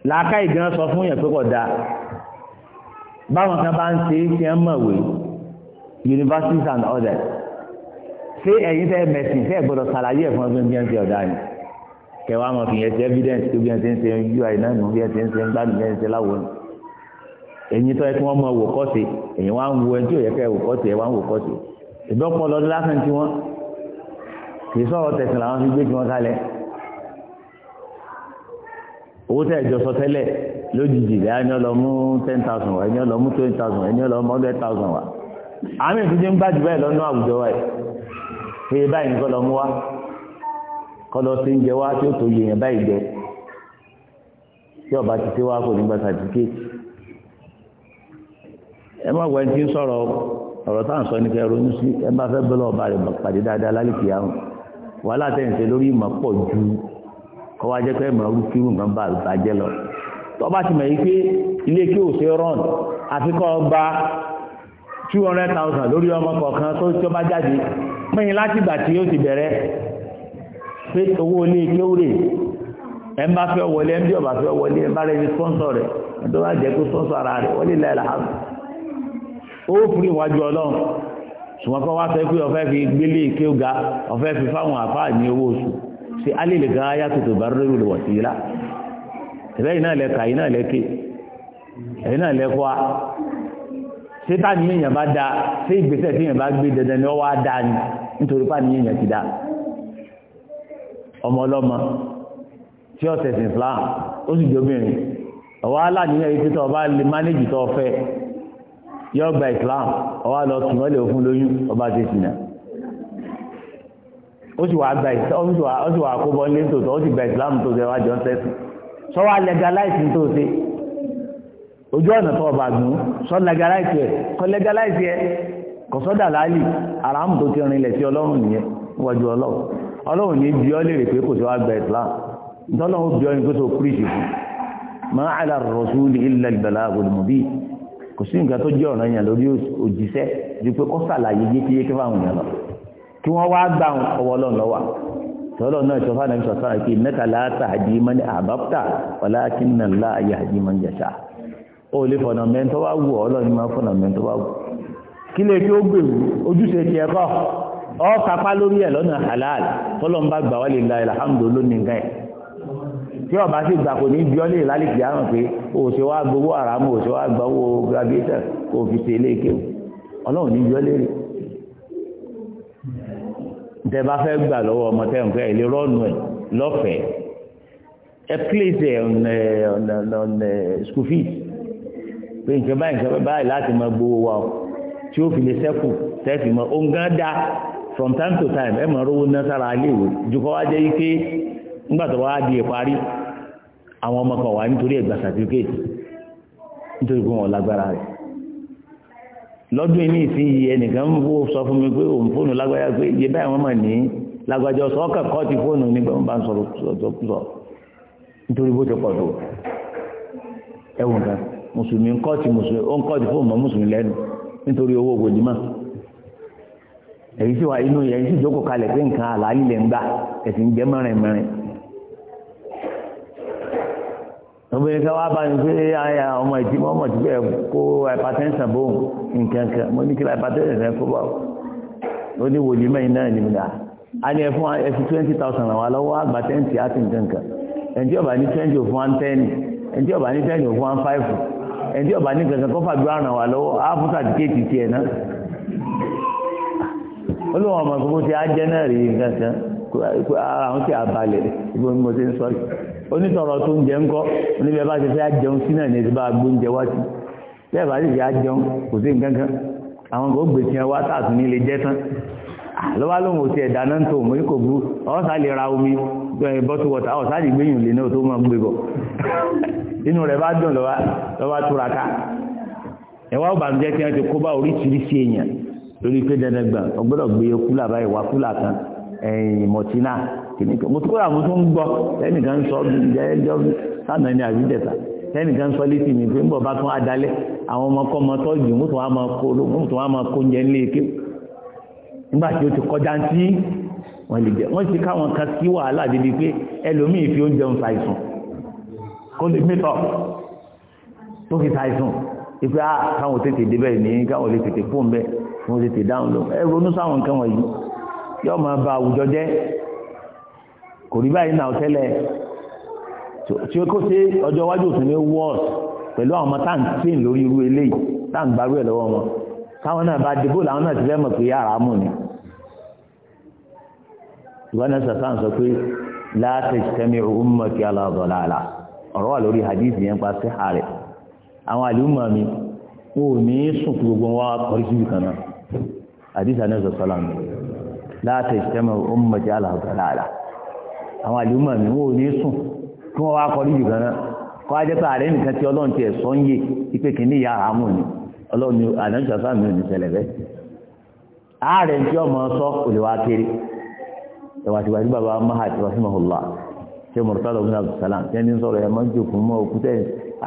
[SPEAKER 1] làákà ìgbìmọ̀ sọ fún yẹn pé kò dáa báwọn kan bá ń ṣe é ṣe ń mọ̀wé universities and others ṣé ẹ̀yin fẹ́ mẹ̀sìn fẹ́ gbọ́dọ̀ ṣàlàyé ẹ̀ fún ọgbẹ́ bí wọ́n ti ọ̀dà ni kẹwàá mọ̀ fi yẹn ti evidence tó bí wọ́n ti ń ṣe UI náà nù bí wọ́n ti ń ṣe ń gbádùn bí wọ́n ti ń ṣe láwọn ẹ̀yin tó yẹ kí wọ́n mọ wò kọ́sì ẹ̀yin wá ń wo ẹni tí ò yẹ kẹ́ wò kọ́sì ẹ̀ wá ń wò kọ́sì ìdọ́pọ̀ lọ́dún lásán tí wọ́n kì í sọ̀rọ̀ tẹ̀sán làwọn fi gbé tí wọ́n kalẹ̀ owó tẹ̀ jọ sọ tẹ́lẹ̀ lójijì lẹ́yìn ẹni ọlọ́ mú ten thousand wá ẹni ọlọ́ mú twenty thousand ẹni ọlọ́ mú hundred thousand wá àmì ìtúndé ń bàjẹ́ báyìí lọ́nà àwùjọ wa yìí pé báyìí nìkan lọ mú wa kọ́ lọ sí ń jẹ wá tí ó tó yẹ yẹn báyìí jẹ tí ọba ti ṣe wá kò ní gba sàtìkéètì ẹ má wẹ́n tí ń sọ̀rọ̀ ọ̀rọ̀ táwọn sọ ní kẹ́ ronú sí ẹ bá fẹ́ bẹ́lẹ̀ ọba rẹ̀ pàdé dáadáa lálẹ́kì yàrá wàhálà tẹ̀sẹ̀ lórí ìmọ̀ pọ̀ ju kọ́wá jẹ́ pé ìmọ̀ rúkìrù nǹkan bá bàjẹ́ lọ tọ́ba ti mọ̀ yí pé ilé kí òṣè rán àfikọ́ ọba two hundred thousand lórí ọmọ kọ̀ọ̀kan tó tí ó bá jáde pín láti ìgbà tí ó ti bẹ̀rẹ̀ pé owó ilé kéwúrè ẹ̀ ń bá fẹ́ wọlé ẹ̀ ń bí ọba fẹ́ wọlé ẹ̀ ń bá rẹ̀ ní sponsor rẹ̀ ẹ̀ tó bá jẹ́ kó sponsor ara rẹ̀ wọlé láìláhàbù ó fúri ìwájú ọlọ́run ṣùgbọ́n kọ́ wá sọ ọ̀fẹ́ fi gbélé ìké ga ọ̀fẹ́ fi fáwọn àfáà ní owó oṣù ṣe ya lè ayáto tó bá rẹ́rù lè sí ilá ẹ̀rẹ́ yìí lẹ́ka a ṣé táàní èèyàn bá da ṣé ìgbésẹ̀ tí èèyàn bá gbé dandan ni ó wá da ni nítorí ti da ọmọ ọlọ́mọ tí ọ̀sẹ̀ ó sì jẹ́ obìnrin ọ̀wá yọ gba islam ọwọ́ lọ tún ọ lè fún lóyún ọba ti sìnà ó sì wà gba islam ó sì wà kó bọ́ ní tòótọ́ ó sì gba islam tó ṣe legalize sọ legalize legalize láàlì aram tó ti sí ọlọ́run nìyẹn ọlọ́run ọlọ́run ní bí ọ pé kò sí kò sí nǹkan tó jẹ́ ọ̀ràn yẹn lórí òjíṣẹ́ ju pé kó sàlàyé yékéyéké fáwọn èèyàn lọ kí wọ́n wá gbà ọwọ́ ọlọ́run lọ́wọ́ tọ́lọ̀ náà sọ fún àdàbí sọ̀tàn àti innaka la tahdi man ahbabta walakinna Allaha yahdi man yasha ó lè fọ̀nà mẹ́ńtọ́ wá wù ọ́ lọ́ni máa fọ̀nà mẹ́ńtọ́ wá wù kí lè kí ó gbèrú ojúṣe ti ẹ̀kọ́ ọ́ kápá lórí ẹ̀ lọ́nà halal tọ́lọ́ ń bá gbà wálé la alhamdulillah lónìí nǹkan tí ọba sì gbà kò ní bí ọ́ lè lálẹ́kì àrùn pé òṣè wa gbowó àràmù òṣè wa gba owó graduation kò fi ṣe ilé ìkéwù ọlọ́run ní bí ọ́ lérè tẹ bá fẹ́ gbà lọ́wọ́ ọmọ tẹ̀ ń fẹ́ ilé rọ́ọ̀nù ẹ̀ lọ́fẹ̀ẹ́ ẹ pílẹ̀sì ẹ̀ eh, eh, school fees pé nǹkan báyìí nǹkan báyìí láti máa gbowó wa tí ó fi lè sẹ́kù tẹ́sí mọ́ ó ń gán dá from time to time ẹ̀ máa rówó ná sára ilé ìwé jùkọ́ wá jẹ́ yí pé tó wá di ìparí àwọn ọmọ kan wà nítorí ẹgbà sàtífíkèétì nítorí pé wọn lágbára rẹ̀ lọ́dún yìí nísìnyí ẹnìkan wò sọ fún mi pé òun fóònù lágbájá pé iye báyìí wọ́n mọ̀ ní lágbájá ọ̀sán ọkàn kọ́ ti fóònù nígbà wọn bá ń sọ̀rọ̀ sọ̀tọ̀kùsọ̀ nítorí bó ti pọ̀ tó ẹ̀wùn kan mùsùlùmí ń kọ́ ti mùsùlùmí ó ń kọ́ ti fóònù mọ́ mùsùlùmí lẹ́nu nítorí owó gòdìmọ̀ èyí sì wà inú yẹn sì jókòó kalẹ̀ pé nǹkan àlàálì lẹ́ ń gbà ẹ̀sìn jẹ́ mẹ́rin mẹ́rin gbogbo yẹn ká wá bá mi pé àyà ọmọ ìtì ọmọ ìtì bẹ́ẹ̀ kó hypertension bó nǹkan kan mo ní kí hypertension rẹ kó bá ó ní wòlíì mẹ́rin náà ní ìgbà ah. a ní ẹfún ẹfi twenty thousand ràn wá lọ́wọ́ àgbà tẹ́ǹtì àti nǹkan kan ẹ̀ǹtí ọ̀bà ní twenty òfun one ten ẹ̀ǹtí ọ̀bà ní twenty òfun one five ẹ̀ǹtí ọ̀bà ní kankan kọ́fà bí wọ́n ràn wá lọ́wọ́ áàfù sàtìkéètì tiẹ̀ náà olóhùn ọmọ gbogbo ti á jẹ́ náà rí nǹkan kan ara àwọn ti àbalẹ̀ ibi mo ti ń sọ yìí onítọ̀rọ̀ tó ń jẹ ńkọ́ oníbẹ̀ bá ti fẹ́ jẹun sí náà ní ti bá gbóúnjẹ wá sí bẹ́ẹ̀ bá ti fẹ́ jẹun kò sí nǹkan kan àwọn kò gbé tiẹ̀ wá tààtù ní ilé jẹ́ tán lọ́wọ́ lóhun ò ti ẹ̀dá náà ń tò mọ́ kò burú ọ̀sá lè ra omi bọ́tù wọ̀tà ọ̀sá lè gbéyìn lè náà tó máa gbé bọ̀ (laughs) inú rẹ̀ bá dùn lọ́wọ́ túra ká ẹ̀wá ò bàmí jẹ́ kí wọ́n ti kó bá oríṣiríṣi èèyàn lórí pé dandan gbà ọgbọ́dọ̀ gbé kúlà báyìí wá kúlà kan ẹ̀yìn mọ̀tínà kìnnìkan mo kóra mo tún gbọ́ ẹnìkan sọ jẹ́jọ́ sànà ní àbíjẹta ẹnìkan sọ létí mi pé ń bọ̀ bá tún adalẹ̀ àwọn ọmọkọ́ ọmọ tọ́jú mo tún wá máa kó mo tún wá máa kó oúnjẹ ńlé eke nígbà tí o ti kọjá ntí wọ́n lè jẹ wọ́n ti káwọn kan sí wàhálà débi pé ẹlòmíì fi oúnjẹ ń fa ìsùn kó lè mítọ̀ tó fi fa ìsùn ìpè á káwọn tètè débẹ̀ ní káwọn lè tètè fóun bẹ́ẹ̀ wọ́n tètè dáhùn lọ ẹ ronú sáwọn wọ̀nyí yóò máa ba àwùjọ jẹ́ kò rí báyìí náà tẹ́lẹ̀ tí ó kó sí ọjọ́ iwájú òsùn ní wọ́ọ̀sì pẹ̀lú àwọn ọmọ tá à ń tìǹ lórí irú eléyìí tá à ń gbárù ẹ̀ lọ́wọ́ wọn káwọn náà bá dìbò làwọn náà ti fẹ́ mọ̀ pé yàrá mù ni ìwádìí náà sàn sọ pé láti tẹ́mi ọmọ kí aláàbọ̀láàlà ọ̀rọ̀ wà lórí hadith yẹn pa sí ààrẹ àwọn àlùmọ̀ mi wọn ní sùn fún gbogbo wa kọrí síbi kan náà hadith anáà sọ sọ́lá mi láti tẹ́mi ọmọ kí aláàbọ̀láàlà àwọn àlùmọ̀ mi wọn ò ní sùn kí wọ́n wá kọrí jù gan-an kọ́ ajẹ́ pé ààrẹ nìkan tí ọlọ́run ti ẹ̀ sọ ń yè ipe kìíní ìyá àmú ni ọlọ́run ni àdáńtì àfáà mi ò ní ṣẹlẹ̀ bẹ́ẹ̀. ààrẹ tí ọmọ sọ kò lè wá kéré ẹwà tí wàjú bàbá mahad rahimahullah ṣe mọ̀tàlá ọ̀gbìn abdulsalam ṣe ní sọ̀rọ̀ ẹ̀ máa ń jòkó mọ́ òkúta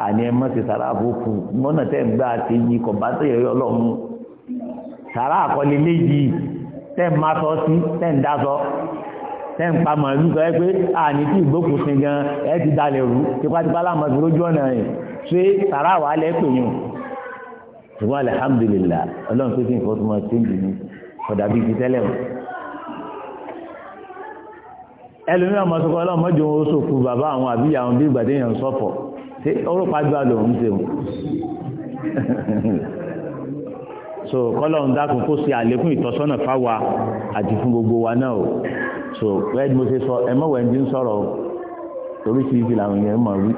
[SPEAKER 1] àní ẹ̀ máa ti sàrà àbókù mọ́nà tẹ̀ ń gbà àti yí kọ̀bátì ẹ̀yọ́ ọlọ́run sàrà àkọlé léyìí tẹ̀ ń má sọ sí tẹ̀ ń dá sọ tẹ́ ń pa màálù sọ pé àní tí ìgbókùnfin gan ẹ ti dalẹ̀ rú tipátipá lámọ̀sí lójú ọ̀nà rẹ̀ ṣé sàrà wà lẹ́pẹ̀ yìí ṣùgbọ́n alihamudulilà ọlọ́run pé kí nǹkan tó máa ṣe ń dìní kọ̀dà bíi ti tẹ́lẹ̀ o ẹlòmíràn máa sọ pé ọlọ́run mọ́jọ wọn ó sòkú bàbá àwọn àbí àwọn bí ìgbà téèyàn ń sọ̀pọ̀ ṣé orúkọ àdúrà lòun ń ṣe o (laughs) so kọ́lọ́run dákun kó ṣe àlékún ìtọ́sọ́nà fáwa àti fún gbogbo wa náà o so wẹ́ẹ́dì mo ṣe sọ ẹ mọ̀ wẹ́ẹ́ ti ń sọ̀rọ̀ oríṣiríṣi làwọn èèyàn mọ̀ wí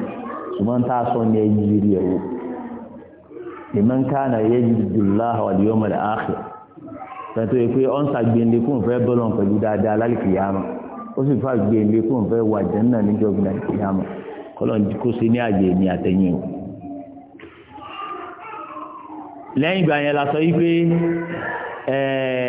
[SPEAKER 1] ṣùgbọ́n tá a sọ ní ẹyí rí ẹ̀wò ìmọ̀n ká náà yẹ ju dùláhà wà lóyún ọmọdé áàkì pẹ̀tọ́ yẹ pé ọ̀n sàgbéǹde fún ìfẹ́ bọ́lọ̀ pẹ̀lú dáadáa lálùkì yàmà ó sì fà gbéǹde fún ìfẹ́ wà jẹ́nà níjọ́ gbìyànjú yàmà kọ́lọ̀ kó sí ní àjẹ́ ní àtẹ̀yìn o. lẹ́yìn ìgbà yẹn la sọ yí pé ẹ̀ẹ́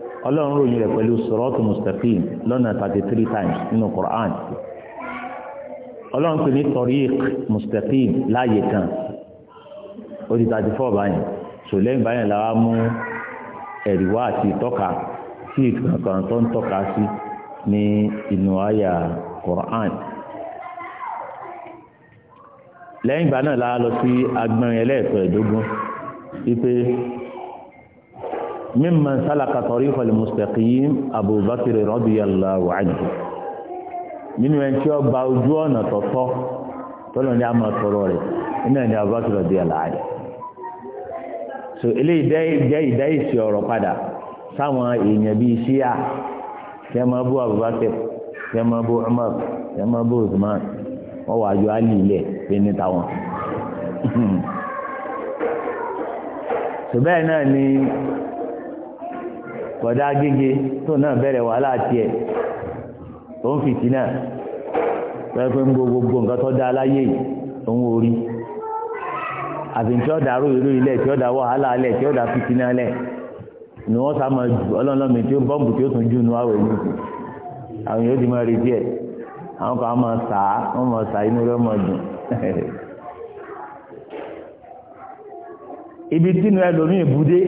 [SPEAKER 1] ọlọ́run ròyìn rẹ̀ pẹ̀lú sọ̀rọ̀tù mustaqim lọ́nà thirty three times nínú Qur'an ọlọ́run pè ní tariq mustaqim láàyè kan ó di thirty four báyìí sòlẹ́yìn báyìí làwa mú ẹ̀rí wá àti ìtọ́ka sí ìkankan tó ń tọ́ka sí ní inú àyà Qur'an lẹ́yìn ìgbà náà la lọ sí agbọ̀n ẹlẹ́ẹ̀kọ́ ẹ̀dógún wípé mímọ̀ sálàkà tariqal mustaqim Abubakar radiyallahu anhu nínú ẹni tí ó gba ojú ọ̀nà tọ̀tọ̀ tọ́lọ̀ ní àmọ́ tọrọ rẹ̀ nínú ẹni Abubakar radiyallahu anhu so eléyìí jẹ́ ìdá ìsì ọ̀rọ̀ padà sáwọn èèyàn bíi ṣíà kí ẹ máa bú Abubakar kí ẹ máa bú Umar kí ẹ máa bú Usman wọ́n wàá yọ Ali ilẹ̀ pé ní táwọn (laughs) so bẹ́ẹ̀ náà ni kọ̀dá gígé tó náà bẹ̀rẹ̀ wàhálà tiẹ̀ tó ń fìtì náà pẹ́ẹ́pẹ́ ń gbogbo nǹkan tó dá aláyé yìí tó ń orí àfi tí ó dá ròyìnrò ilẹ̀ tí ó dá wàhálà alẹ̀ tí ó dá fìtì náà lẹ̀ ni wọ́n sá máa jù ọlọ́ọ̀lọ́mi tí ó bọ́ǹbù tí ó tún jù nù àwẹ̀ yìí àwọn yóò ti máa retí ẹ̀ àwọn kan máa sà á wọ́n máa sà inú rẹ̀ máa dùn (laughs) ibi tí nu ẹlòmíì budé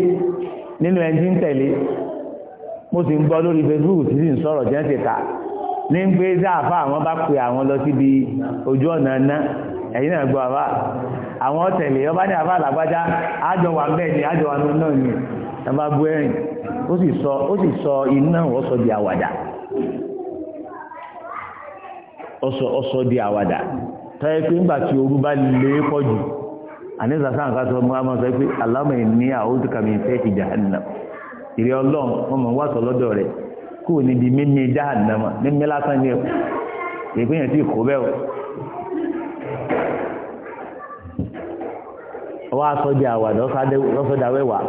[SPEAKER 1] nínú ẹni tí ń tẹ̀lé mo sì ń gbọ́ lórí facebook tí ń sọ̀rọ̀ jẹ́ ti ní ń gbé dáàfà àwọn bá pe àwọn lọ síbi ojú ọ̀nà ná ẹ̀yìn náà gbọ́ àbá àwọn tẹ̀lé ọba ní àbá àlàgbájá àjọ wà bẹ́ẹ̀ ni àjọ wà náà ni bu ẹ̀rìn ó sì sọ ó sì di àwàdà ọsọ ọsọ di àwàdà tọ́yẹ pé ńgbà tí bá lé pọ̀ jù àníṣàṣà nǹkan sọ mọ́ àmọ́ sọ pé ẹ̀ ní àwọn òtún kàmí ti ìrẹ́ ọlọ́run wọn wá sọ lọ́dọ̀ rẹ̀ kó níbi mímí jáàdínàmọ̀ mímí lásán ní ẹ̀kọ́ ìpínyẹ̀ tí kò bẹ́ẹ̀ o wá sọ́jà àwàdà lọ́sọ́dà wẹ́wà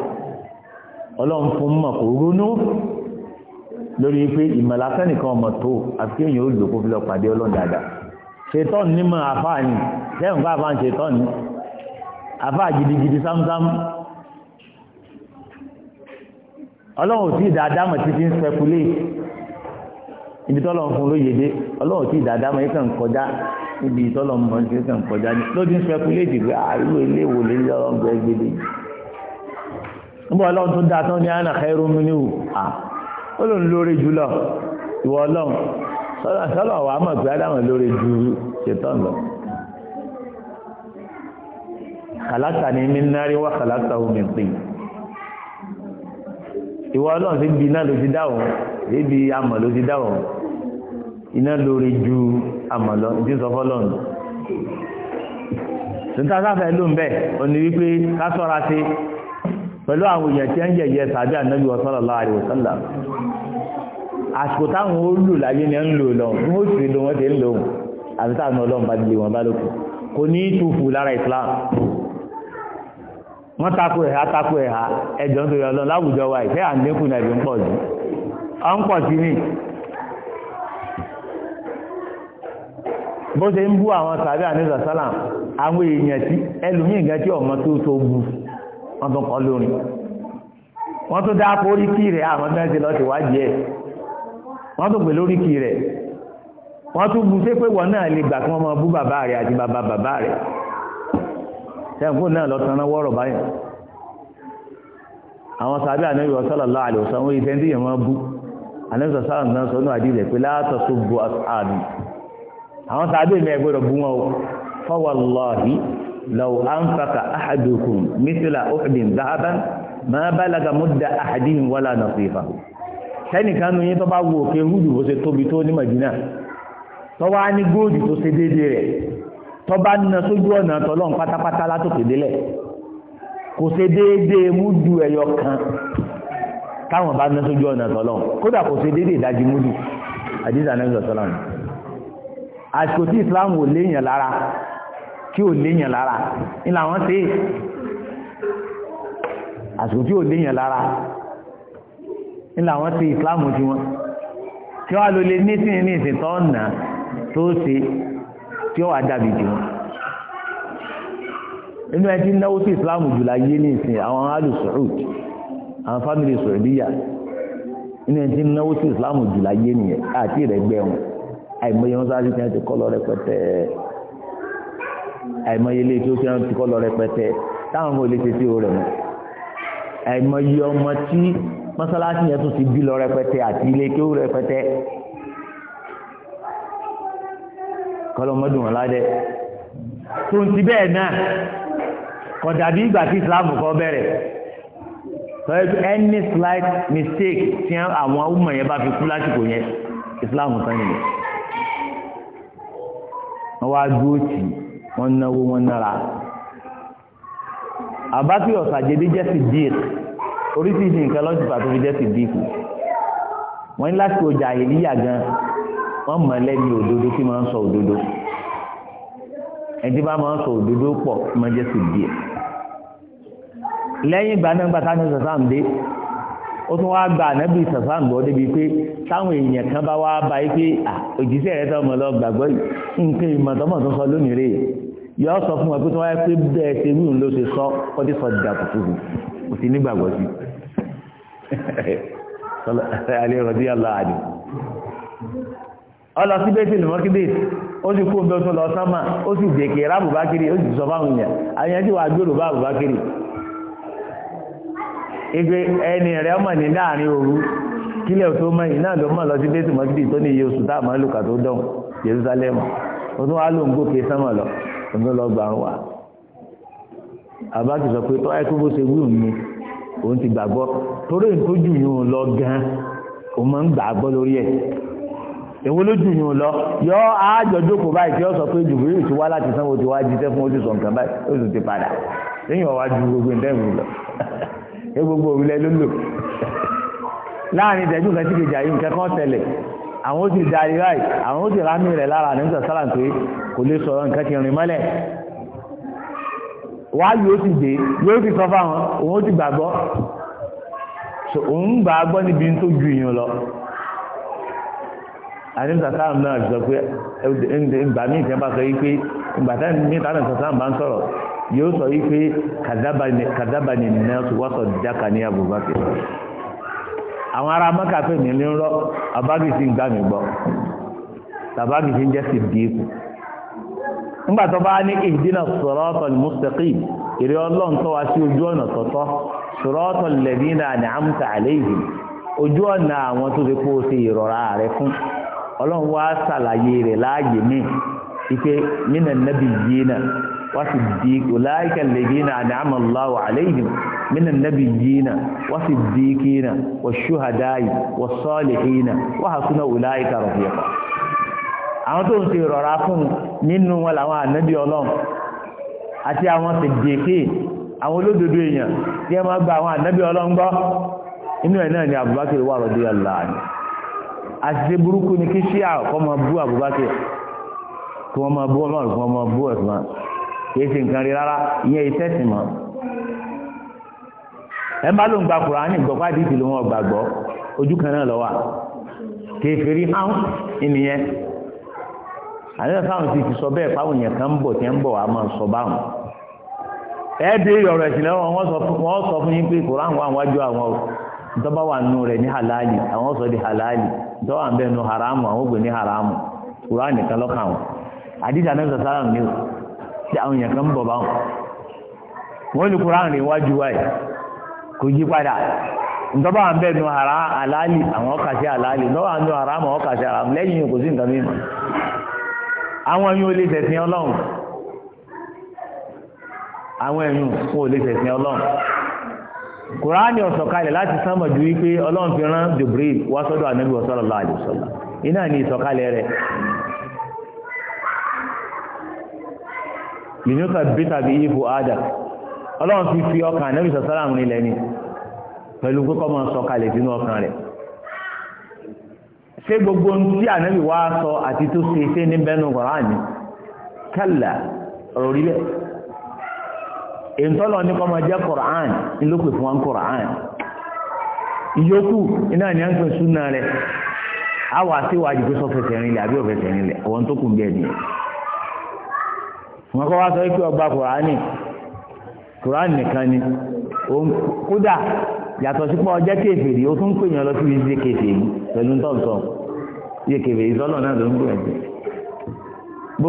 [SPEAKER 1] ọlọ́run fún mọ̀ kò ronú lórí pé ìmọ̀ nìkan ọmọ tó àti kéèyàn ó lò kó fi lọ pàdé ọlọ́run dáadáa ṣètọ́n nímọ̀ àfáà ni lẹ́yìn fún àfáà ṣètọ́n ni àfáà gidigidi sámsámú ọlọ́run tí ìdáadámọ̀ ti fi ń sẹ́kulé ibi tọ́lọ̀ ń fún lóye dé ọlọ́run tí ìdáadámọ̀ yìí kàn kọjá níbi tọ́lọ̀ mọ̀ ní kàn kọjá ní lóde ń sẹ́kulé dìgbà àìlú ilé ìwò lè lé ọlọ́run gbẹ gbẹdẹ. nígbà ọlọ́run tó dáa tán ní àná khairum minhu à ó lòun lórí jùlọ ìwọ ọlọ́run sọlọ wàá mọ̀ pé ádámọ̀ lórí ju ṣètọ́n lọ. khalaqtani min nari wa khalaqtahu min tin ìwọ ọlọ́run ti bi iná ló ti dáhùn ebi amọ̀ ló ti dáhùn iná lórí ju amọ̀ lọ ní sọ fọlọ́run tuntun asáfẹ́ ló ń bẹ̀ òní wípé ká sọ́ra sí pẹ̀lú àwọn èèyàn tí ń yẹ̀yẹ́ sàbí ànábì sallallahu alaihi wasallam àsìkò táwọn ó lò láyé ni ń lò lọ ní ó sì lò wọ́n ti ń lò àti táwọn ọlọ́run bá dilé wọn bá lókun kò ní túfù lára Islam wọ́n takò ẹ̀há takò ẹ̀há ẹjọ́ ń torí ọlọ́run láwùjọ wa ìfẹ́ àndínkù náà ibi ń pọ̀ sí ọ ń pọ̀ sí ní bó ṣe ń bú àwọn sàbí àníṣà sálàm àwọn èèyàn tí bu dá orí kí àwọn tó ń ṣe wájú pè lórí kí náà lè gbà tẹ́kùn náà lọ tanná wọ́rọ̀ báyìí àwọn sàbí ànábì sallallahu alaihi wasallam ìfẹ́ tí yẹn máa bú ànábì sallallahu náà sọ ní àdìlẹ̀ pé látọ̀tò bu àmì àwọn sàbí mi ẹgbẹ́rọ̀ bú wọn fa wallahi law anfaqa ahadukum mithla uhudin dhahaban ma balaga mudda ahadihim wala nasifahu sẹ́nìkan nu yín tó bá wo òkè húdù bó ṣe tóbi tó ní Madina tó wá ní góòdù tó ṣe déédéé rẹ̀ tó bá na sójú ọ̀nà tọ́lọ́n pátápátá látòkè délẹ̀ kò ṣe déédéé múdù ẹyọ kan táwọn bá na sójú ọ̀nà tọ́lọ́n kódà kò ṣe déédéé ìdajì múdù àdìsá nẹ́gbẹ̀ tọ́lọ́n àsìkò tí Islam ò léèyàn lára tí ò léèyàn lára ni làwọn ṣe àsìkò tí ò léèyàn lára ni làwọn ṣe Islam tiwọn tí wàá lò lè ní sí ní ìsìn tó ń tó ṣe tí ó wà dàbí jù wọn inú ẹ ti náwó sí islam jù láyé ní ìsìn àwọn alu Saud àwọn fámìlì Saudiya inú ẹ ti náwó sí islam jù láyé nìyẹn àti ìrẹgbẹ wọn àìmọye wọn sáré tí wọn ti kọ́ lọ rẹpẹtẹ àìmọye ilé tí ó ti wọn ti kọ́ lọ rẹpẹtẹ táwọn ọmọ ilé tètè rẹ mọ àìmọye ọmọ tí mọ́sálásí yẹn tún ti bí lọ rẹpẹtẹ àti ilé tí ó rẹpẹtẹ. kọlọmọdún wọn ládẹ tó ń ti bẹ́ẹ̀ náà kò dàbí ìgbà tí islam kọ́ bẹ̀rẹ̀ tọ́jú any slight mistake tí àwọn ọmọ yẹn bá fi kú lásìkò yẹn islam tán nìyẹn wọ́n wá dúró tì wọ́n náwó wọ́n nára àbáfi ọ̀sàjẹ́dé jẹ́ sí díìk oríṣiríṣi nǹkan lọ́sùpà tó fi jẹ́ sí díìk wọ́n ní lásìkò jà ìlíyà gan-an wọ́n mọ̀ lẹ́ni òdodo tí máa ń sọ òdodo
[SPEAKER 2] ẹ̀dí bá máa ń sọ
[SPEAKER 1] òdodo pọ̀ máa jẹ́ sí díẹ̀ lẹ́yìn ìgbà náà gbàtà ní sàfàm dé ó tún wáá gba ànábì sàfàm gbọ́ débi pé táwọn èèyàn kan bá wá ba yí pé òjíṣẹ́ rẹ tó mọ̀ lọ gbàgbọ́ nǹkan ìmọ̀tọ́mọ̀ tó sọ lónìí rè yọ sọ fún wa pé tí wọ́n wáá pé bẹ́ẹ̀ ṣe wí òun ló ṣe sọ ó ti sọ dìda kùtùkù kò sí nígbàgbọ́ sí (laughs) alẹ́ ọlọ sí bẹ́ẹ̀ tìlùmọ́ kí bẹ́ẹ̀ ó sì kó bẹ́ẹ̀ tó lọ sánmà ó sì jèkè rábùbá kiri ó sì sọ fáwọn èèyàn àyàn tí wàá gbèrò bá àbùbá kiri ìgbé ẹni rẹ̀ ọmọ ní láàrin òru kílẹ̀ tó mọ́ yìí náà ló lọ sí bẹ́ẹ̀ tìlùmọ́ tó ní iye oṣù tá lùkà tó dán Jerusalem ó tún wá ló ń gòkè sánmà lọ ó tún lọ gbà wà àbákì sọ ni òun ti gbàgbọ́ torí lórí ẹ̀ èwo ló jù yìí lọ yọ àjọjókòó báyìí tí ó sọ pé jùbìrì ti wá láti sanwó ti wá jíṣẹ́ fún oṣù sọǹkan báyìí oṣù ti padà lẹ́yìn ọwá ju gbogbo ìdẹ́rù lọ ẹ gbogbo òwúlẹ̀ ló lò láàrin ìdẹ́jú kan sí kejì àyè nǹkan kan tẹ̀lẹ̀ àwọn ó sì darí ráì àwọn ó sì rámì rẹ̀ lára nígbà sálà pé kò lè sọ̀rọ̀ nǹkan ti rìn mọ́lẹ̀ wá yóò sì dé yóò sì sọ fáwọn òun ó sì gbàgbọ́ òun gbàgbọ́ níbi tó ju ìyàn lọ àdínsà sáàmù náà sọ pé ìgbà míì tí bá sọ yìí pé ìgbà táwọn míì táwọn sọ bá ń sọ̀rọ̀ yóò sọ na pé kàdábà ni nìyẹn tó wọ́sọ̀ jáka ní Abubakar àwọn ará mọ́kà pé mi ní rọ́ abágìsì ń gbà mí gbọ́ tàbágìsì ń jẹ́ sí tó bá ní ìdínà ọlọ́run tó wá sí ojú ọ̀nà ojú ọ̀nà àwọn tó ọlọ́run wá ṣàlàyé rẹ̀ láàyè mí ike mina nabi yina wasi diiki laayika ledina anama allahu alayhim mina nabi yina wasi diikina wa shuhadaayi wa sọlixina wahasuna ulaayika rafiqa àwọn tó ń ṣe rọra fún nínú wọn làwọn ànábì ọlọ́run àti àwọn sèdèké àwọn olódodo èèyàn tí wọn máa gba àwọn ànábì ọlọ́run gbọ́ inú ẹ̀ náà ni abubakar wà lọ́dọ̀ yàrá àṣìṣe burúkú ni kí ṣíà kọ́ máa bú Abubakar kí wọ́n máa bú Umar kí wọ́n máa bú Usman kìí ṣe nǹkan rí rárá ìyẹn iṣẹ́ sì mọ́ ẹ bá ló ń gba Kùránì gbọ́pá dìtì ló wọn gbàgbọ́ ojú kan náà lọ́wọ́ kìí fi rí hàn ènìyàn àlẹ́ sáwọn ti fi sọ bẹ́ẹ̀ fáwọn èèyàn kan ń bọ̀ tí ń bọ̀ wá máa sọ báwọn ẹ dé ọ̀rọ̀ ẹ̀sìn lẹ́wọ̀n wọ́n sọ fún yín pé Kùránì wà wájú àwọn ìtọ́ba wà nù rẹ̀ ní halali àwọn sọ di halali dọ́wà ń bẹ́ẹ̀ nu haramu àwọn ògbè ní haramu kúrò nìkan lọ́kà wọn àdìsí anáṣà sára mi ò tí àwọn èèyàn kan bọ̀ bá wọn wọ́n ní kúrò àrùn iwájú wáyé kò yí padà ń bẹ́ẹ̀ nu hara àlàálì àwọn ọkàṣẹ́ àlàálì haramu àwọn ọkàṣẹ́ lẹ́yìn yìí kò sí nǹkan mímu àwọn ẹ̀yìn tẹ̀sìn ọlọ́run àwọn ẹ̀yìn kùránì ọ̀sọ̀kalẹ̀ láti sánmọ̀ ju wípé ọlọ́run fi rán Jibril wá sọ́dọ̀ ànábì sallallahu alaihi iná ní ìsọ̀kalẹ̀ rẹ̀ bí tàbí ọlọ́run fi fi ọkàn ànábì sọ̀sọ́lá ni pẹ̀lú kókọ́ mọ́ sọ̀kalẹ̀ sínú ọkàn rẹ̀ ṣé gbogbo tí ànábì wá sọ àti tó ṣe ṣe ní bẹ́nu kùránì ọ̀rọ̀ ìntọ́lọ̀ ní kọ́ jẹ́ Kọ̀rán ló fún wọn Kọ̀rán ìyókù iná ni a ń pè súnà rẹ̀ a wà sí wàá jù àbí tó kù wọn kọ́ wá sọ pé ọgbà Kọ̀rán nìkan ni kódà yàtọ̀ sí pé ọjọ́ ó tún pè yàn lọ sí ibi kèfèrí pẹ̀lú náà ló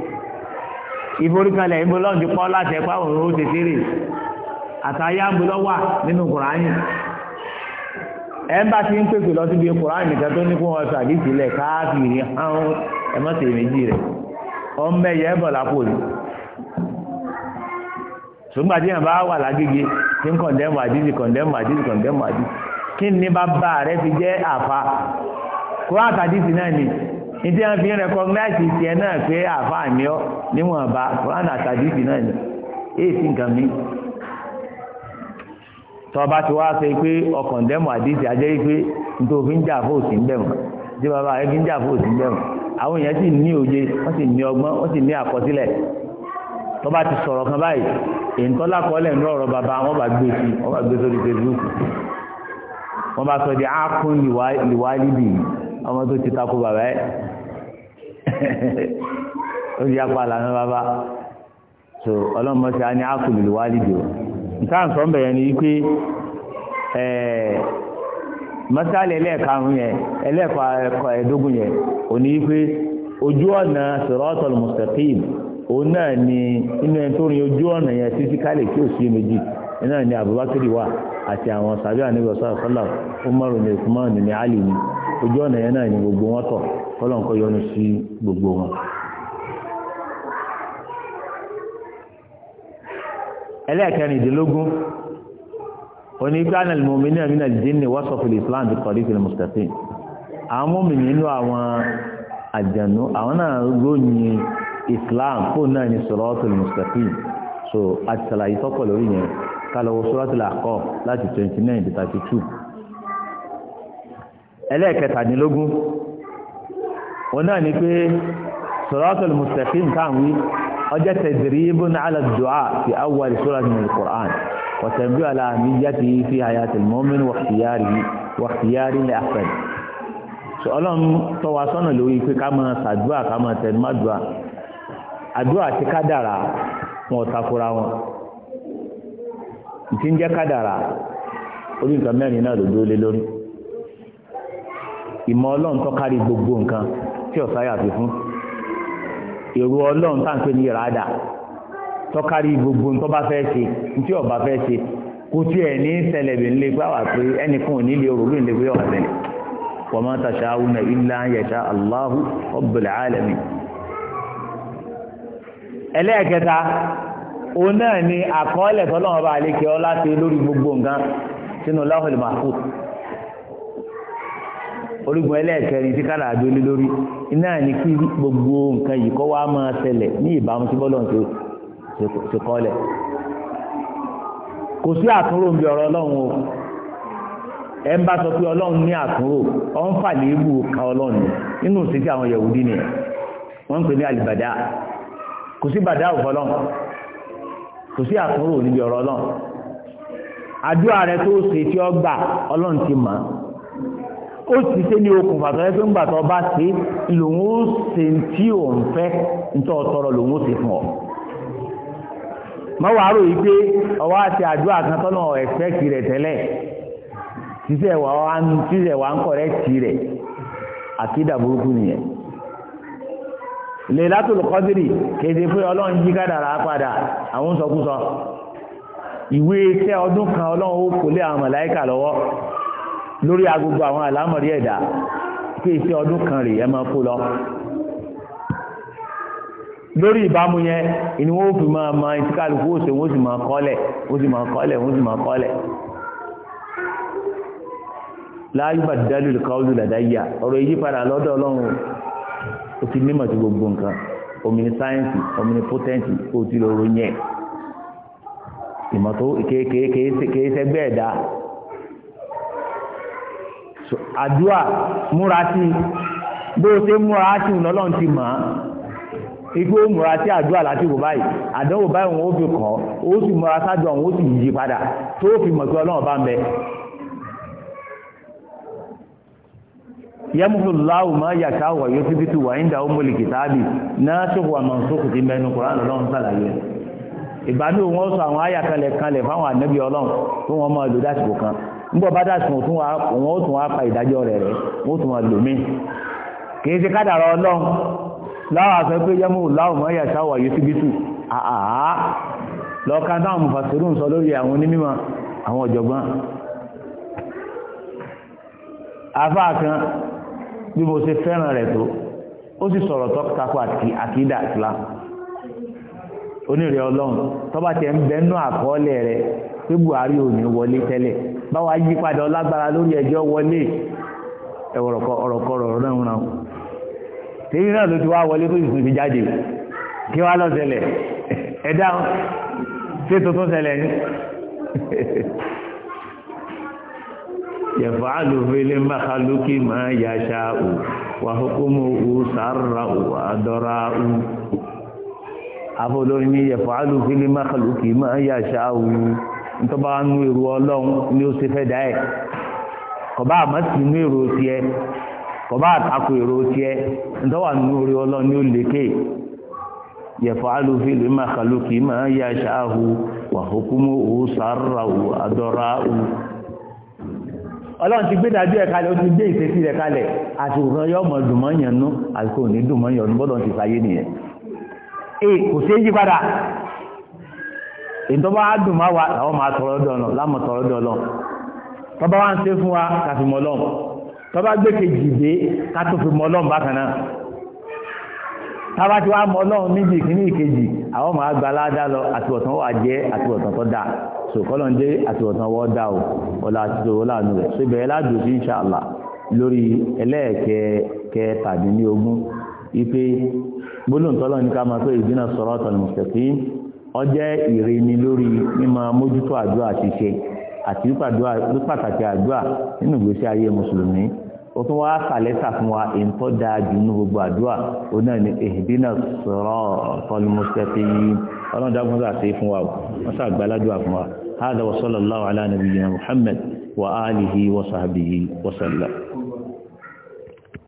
[SPEAKER 1] ìforíkalẹ̀ ìbò lọ́n ti pọ́ láti ẹ̀pá òróró tètè rè àtàyà ń bò lọ́wà nínú kùránì ẹ̀mbà tí ń pèpè lọ síbi kùránì nìkan tó ní kó wọn sọ àdìsí lẹ̀ káàkiri hàn ẹ̀mọ́tẹ̀ méjì rẹ̀ ọmọ ẹ̀yẹ ẹ̀bọ̀ lápò ni ṣùgbọ́n àti yàn bá wà lágége tí ń kọ̀ndẹ́mù àdìsí kọ̀ndẹ́mù àdìsí kọ̀ndẹ́mù àdìsí kí ni bàbá rẹ fi jẹ́ àfa kùránì àtàdìsí náà ni ìdí wọn fi ń rẹkọgnáìsì tiẹ̀ náà pé àfáà mi ọ níwọ̀n bá Quran àtàdìsì náà ni èyí sì nǹkan mi tọba ti wá sọ pé ọkàn dẹ́mu àdìsí ajẹ́ pé nítorí ń jà fún òsì ń bẹ̀rù tí bàbá rẹ̀ fi ń jà fún òsì ń bẹ̀rù àwọn èèyàn sì ní òye wọ́n sì ní ọgbọ́n wọ́n sì ní àkọsílẹ̀ tọba ti sọ̀rọ̀ kan báyìí èyí tọ́lá wọn sọ di ọmọ tó ti takò bàbá ẹ ó di apá àlànà bàbá so ọlọ́mọ sí á ní ákùlù wálìdì o nǹkan sọ ń bẹ̀rẹ̀ ni wípé mọ́sálẹ̀ ẹlẹ́ẹ̀karùn-ún yẹn ẹlẹ́ẹ̀kọ́ẹ̀dógún yẹn òní wípé ojú ọ̀nà siratal mustaqim òun náà ni inú ẹni tó rin ojú ọ̀nà yẹn títí kálẹ̀ kí ó sí méjì iná ni Abubakar wà àti àwọn sàbíà níbi ọ̀sán àkọlà Umaru ní Usman ní Ali ni ojú ọ̀nà yẹn náà ni gbogbo wọn tọ̀ kọ́lọ́nkọ́ yọnu sí gbogbo wọn. ẹlẹ́ẹ̀kẹrìndínlógún oní gbáàna lèmọ̀mí náà nínú àdínní wọ́sọ̀fù islam ti kọ̀rí ìpínlẹ̀ mustapha àwọn mọ́mìnì nínú àwọn àjànú àwọn náà ròyìn islam fún náà ní sọ̀rọ̀tùl mustapha so àti sàlàyé tọ́pọ̀ lórí yẹn kálọ̀wọ́ suratul Ahqaf láti twenty nine to thirty two ẹlẹ́ẹ̀kẹtàdínlógún òun náà ni pé sọ̀rọ̀tọ̀lù mustaqim káàwí ọjọ́ tẹ̀dìrìbù ní alàdùá fi awwal sura min al-Qur'an wàtẹ̀bí aláàmìyàtì fi hayatil mu'min wàkìyàrí ní afẹ́d ọlọ́run tọ́ wa sọ́nà lórí pé ká máa ṣàdúà ká máa tẹnumádùá àdúà àti kádàrà wọn ò takora wọn ìtí ń jẹ́ kádàrà orí nǹkan mẹ́rin náà ló lé lórí. ìmọ̀ ọlọ́run tó kárí gbogbo nǹkan tí ọ̀sáyà fi fún èrò ọlọ́run tá ní gbogbo nǹkan bá fẹ́ ṣe tí ọba fẹ́ ṣe kò tí ẹ̀ ní pé àwà pé ẹnìkan ò nílé orò lè ẹlẹ́ẹ̀kẹta ni àkọọ́lẹ̀ àlékè láti lórí gbogbo nǹkan sínú orígun ẹlẹ́ẹ̀kẹrin tí kára àdó lórí iná ní kí gbogbo nǹkan yìí kọ́ wá máa ṣẹlẹ̀ ní ìbámu tí bọ́lọ̀ ṣe kọ́lẹ̀ kò sí àtúrò ń o ẹ bá sọ pé ní àtúrò ọ ń ka nínú àwọn ni ní àlìbàdá kò sí bàdá òfọlọ́run kò sí ọ̀rọ̀ ọlọ́run àdúrà ó sì ṣe ní okùn fàtọ́rẹ́ pé ńgbà tó bá ṣe lòun ó tí ò ń fẹ́ nítorí ọ̀tọ́rọ̀ lòun ó fún ọ mọ́wàá rò yí pé ọwọ́ àti àdúrà kan tọ́nà wà á ń tíṣẹ̀ wà ń kọ̀rẹ́ tì rẹ̀ àkídà burúkú nìyẹn kéde pé ọlọ́run yí padà àwọn sọkúsọ kan ọlọ́run ó kò lé lórí agogo àwọn àlámọ̀rí ẹ̀dá pé iṣẹ́ ọdún kan rè é máa kó lọ lórí ìbámu yẹn ni wọ́n fi máa ma etí kálukú òsè wọ́n sì máa kọ́lẹ̀ wọ́n sì máa kọ́lẹ̀ wọ́n sì máa kọ́lẹ̀ láàyè bàtí dálù lùkàwùlù làdáyà ọ̀rọ̀ ìyípadà lọ́dọ̀ ọlọ́run ó ti mímọ̀ sí gbogbo nǹkan omini sáyẹ́ǹsì omini pótẹ́ǹsì ó ti lọ́rọ̀ yẹn ìmọ̀tò kéékèèké kéésẹ́gbẹ́ ẹ̀dá àdúà múra sí bó o ṣe múra sí ìlọ́lọ́run ti mọ̀ án igbó múra sí àdúà láti wò báyìí àdánwò báyìí wọn ó fi kọ́ ó sì múra sájọ àwọn ó sì yí padà tó fi mọ̀ pé ọlọ́run bá ń bẹ. yẹmufu láwù máa yàtá wà yóò fi fitu wà nígbà ọmọlì kìtàbì náà ṣòfò àmọ̀nsókù ti mẹ́nu kọ́ra lọ́lọ́run sàlàyé ìgbà náà wọ́n sọ àwọn àyàkálẹ̀ kanlẹ̀ fáwọn ànábì ọlọ́run tó wọ́n máa lò dásìkò kan nígbà bá dàsùn òtún wa òun ó tún wa pa ìdájọ́ rẹ̀ rẹ̀ wọ́n tún wa lò mí kì í ṣe kádàrá ọlọ́run láwọn àṣọ pé yẹ́mú láwọn mọ́ ẹ̀yà sáwọ̀ yìí síbi tù àhàhà lọ́ọ̀ká táwọn mùfàsírù ń sọ lórí àwọn onímọ̀ àwọn ọ̀jọ̀gbọ́n afá kan bí mo ṣe fẹ́ràn rẹ̀ tó ó sì sọ̀rọ̀ tọ́kítàkù àti àkídà islam onírè ọlọ́run tọ́ba tẹ̀ ń bẹ́ẹ̀ nú àkọọ́lẹ̀ rẹ̀ pé buhari ò ní wọlé tẹ́lẹ̀ báwa yí padà lágbára lórí ẹjọ́ wọlé ẹ̀wọ̀rọ̀kọ̀rọ̀ náà wọn. tèmi náà ló ti wá wọlé tó sì fi jáde kí wá lọ ṣẹlẹ̀ ẹ̀dá ṣé tuntun ṣẹlẹ̀ ni. yẹ̀fọ́ àlùfẹ́lẹ́ màkàlùkì máa yà ṣáà o wà hókòmò o sàárà o àdọ́ra o àfọlọ́rin ni yẹ̀fọ́ máa yà ṣáà nítorí bá nú èrò ọlọ́run ni ó ṣe fẹ́ dá ẹ̀ kọ̀bá àmọ́ sí nú èrò tiẹ̀ kọ̀bá àtakò èrò tiẹ̀ nítorí wà nú èrò ọlọ́run ni ó lékè yẹ̀fọ́ alùfẹ́ lè má kàlù kì í máa yá ṣáàhù wà hókúmọ́ òun sàárà òun àdọ́ra òun. ọlọ́run ti gbé dájú ẹ̀ kalẹ̀ ìtọ́ba dùn máa wà láwọn máa tọrọ dọ̀nà láwọn tọrọ dọ̀nà tọ́ba wá ń ṣe fún wa káfí mọ́ lọ́n tọ́ba gbé kejì dé ká tó fi mọ́ lọ́n bákan náà tába tí wàá mọ́ lọ́n níbi ìkíní ìkejì àwọn máa gba aládá lọ àtiwọ̀tán wà jẹ́ àtiwọ̀tán tó dáa sòkọ́lọ̀ ń dé àtiwọ̀tán wọ́ dáa o ọ̀la àti òwòlà nù rẹ̀ ṣé bẹ̀rẹ̀ ládùn sí ìṣàlà lórí ẹlẹ́ẹ̀kẹ́ tàbí ní ogún ipe gbólóǹtọ́lọ́ ní ká máa tó ìdínà sọ̀rọ̀ ọ̀tọ̀ ní mùsùlùmí ọjẹ́ ìreni lórí mímọ mójútó àdúrà ṣíṣe àti pàtàkì àdúrà nínú ìgbésí ayé mùsùlùmí ó tún wáá kàlẹ́tà fún wa èyí tó dáa jù nínú gbogbo àdúrà ó náà ní ihdina siratal mustaqim ọlọ́run dágún sá sí fún wa wọ́n sá fún wa hada wa sallallahu ala nabiyyina wa alihi wa sahbihi wa sallam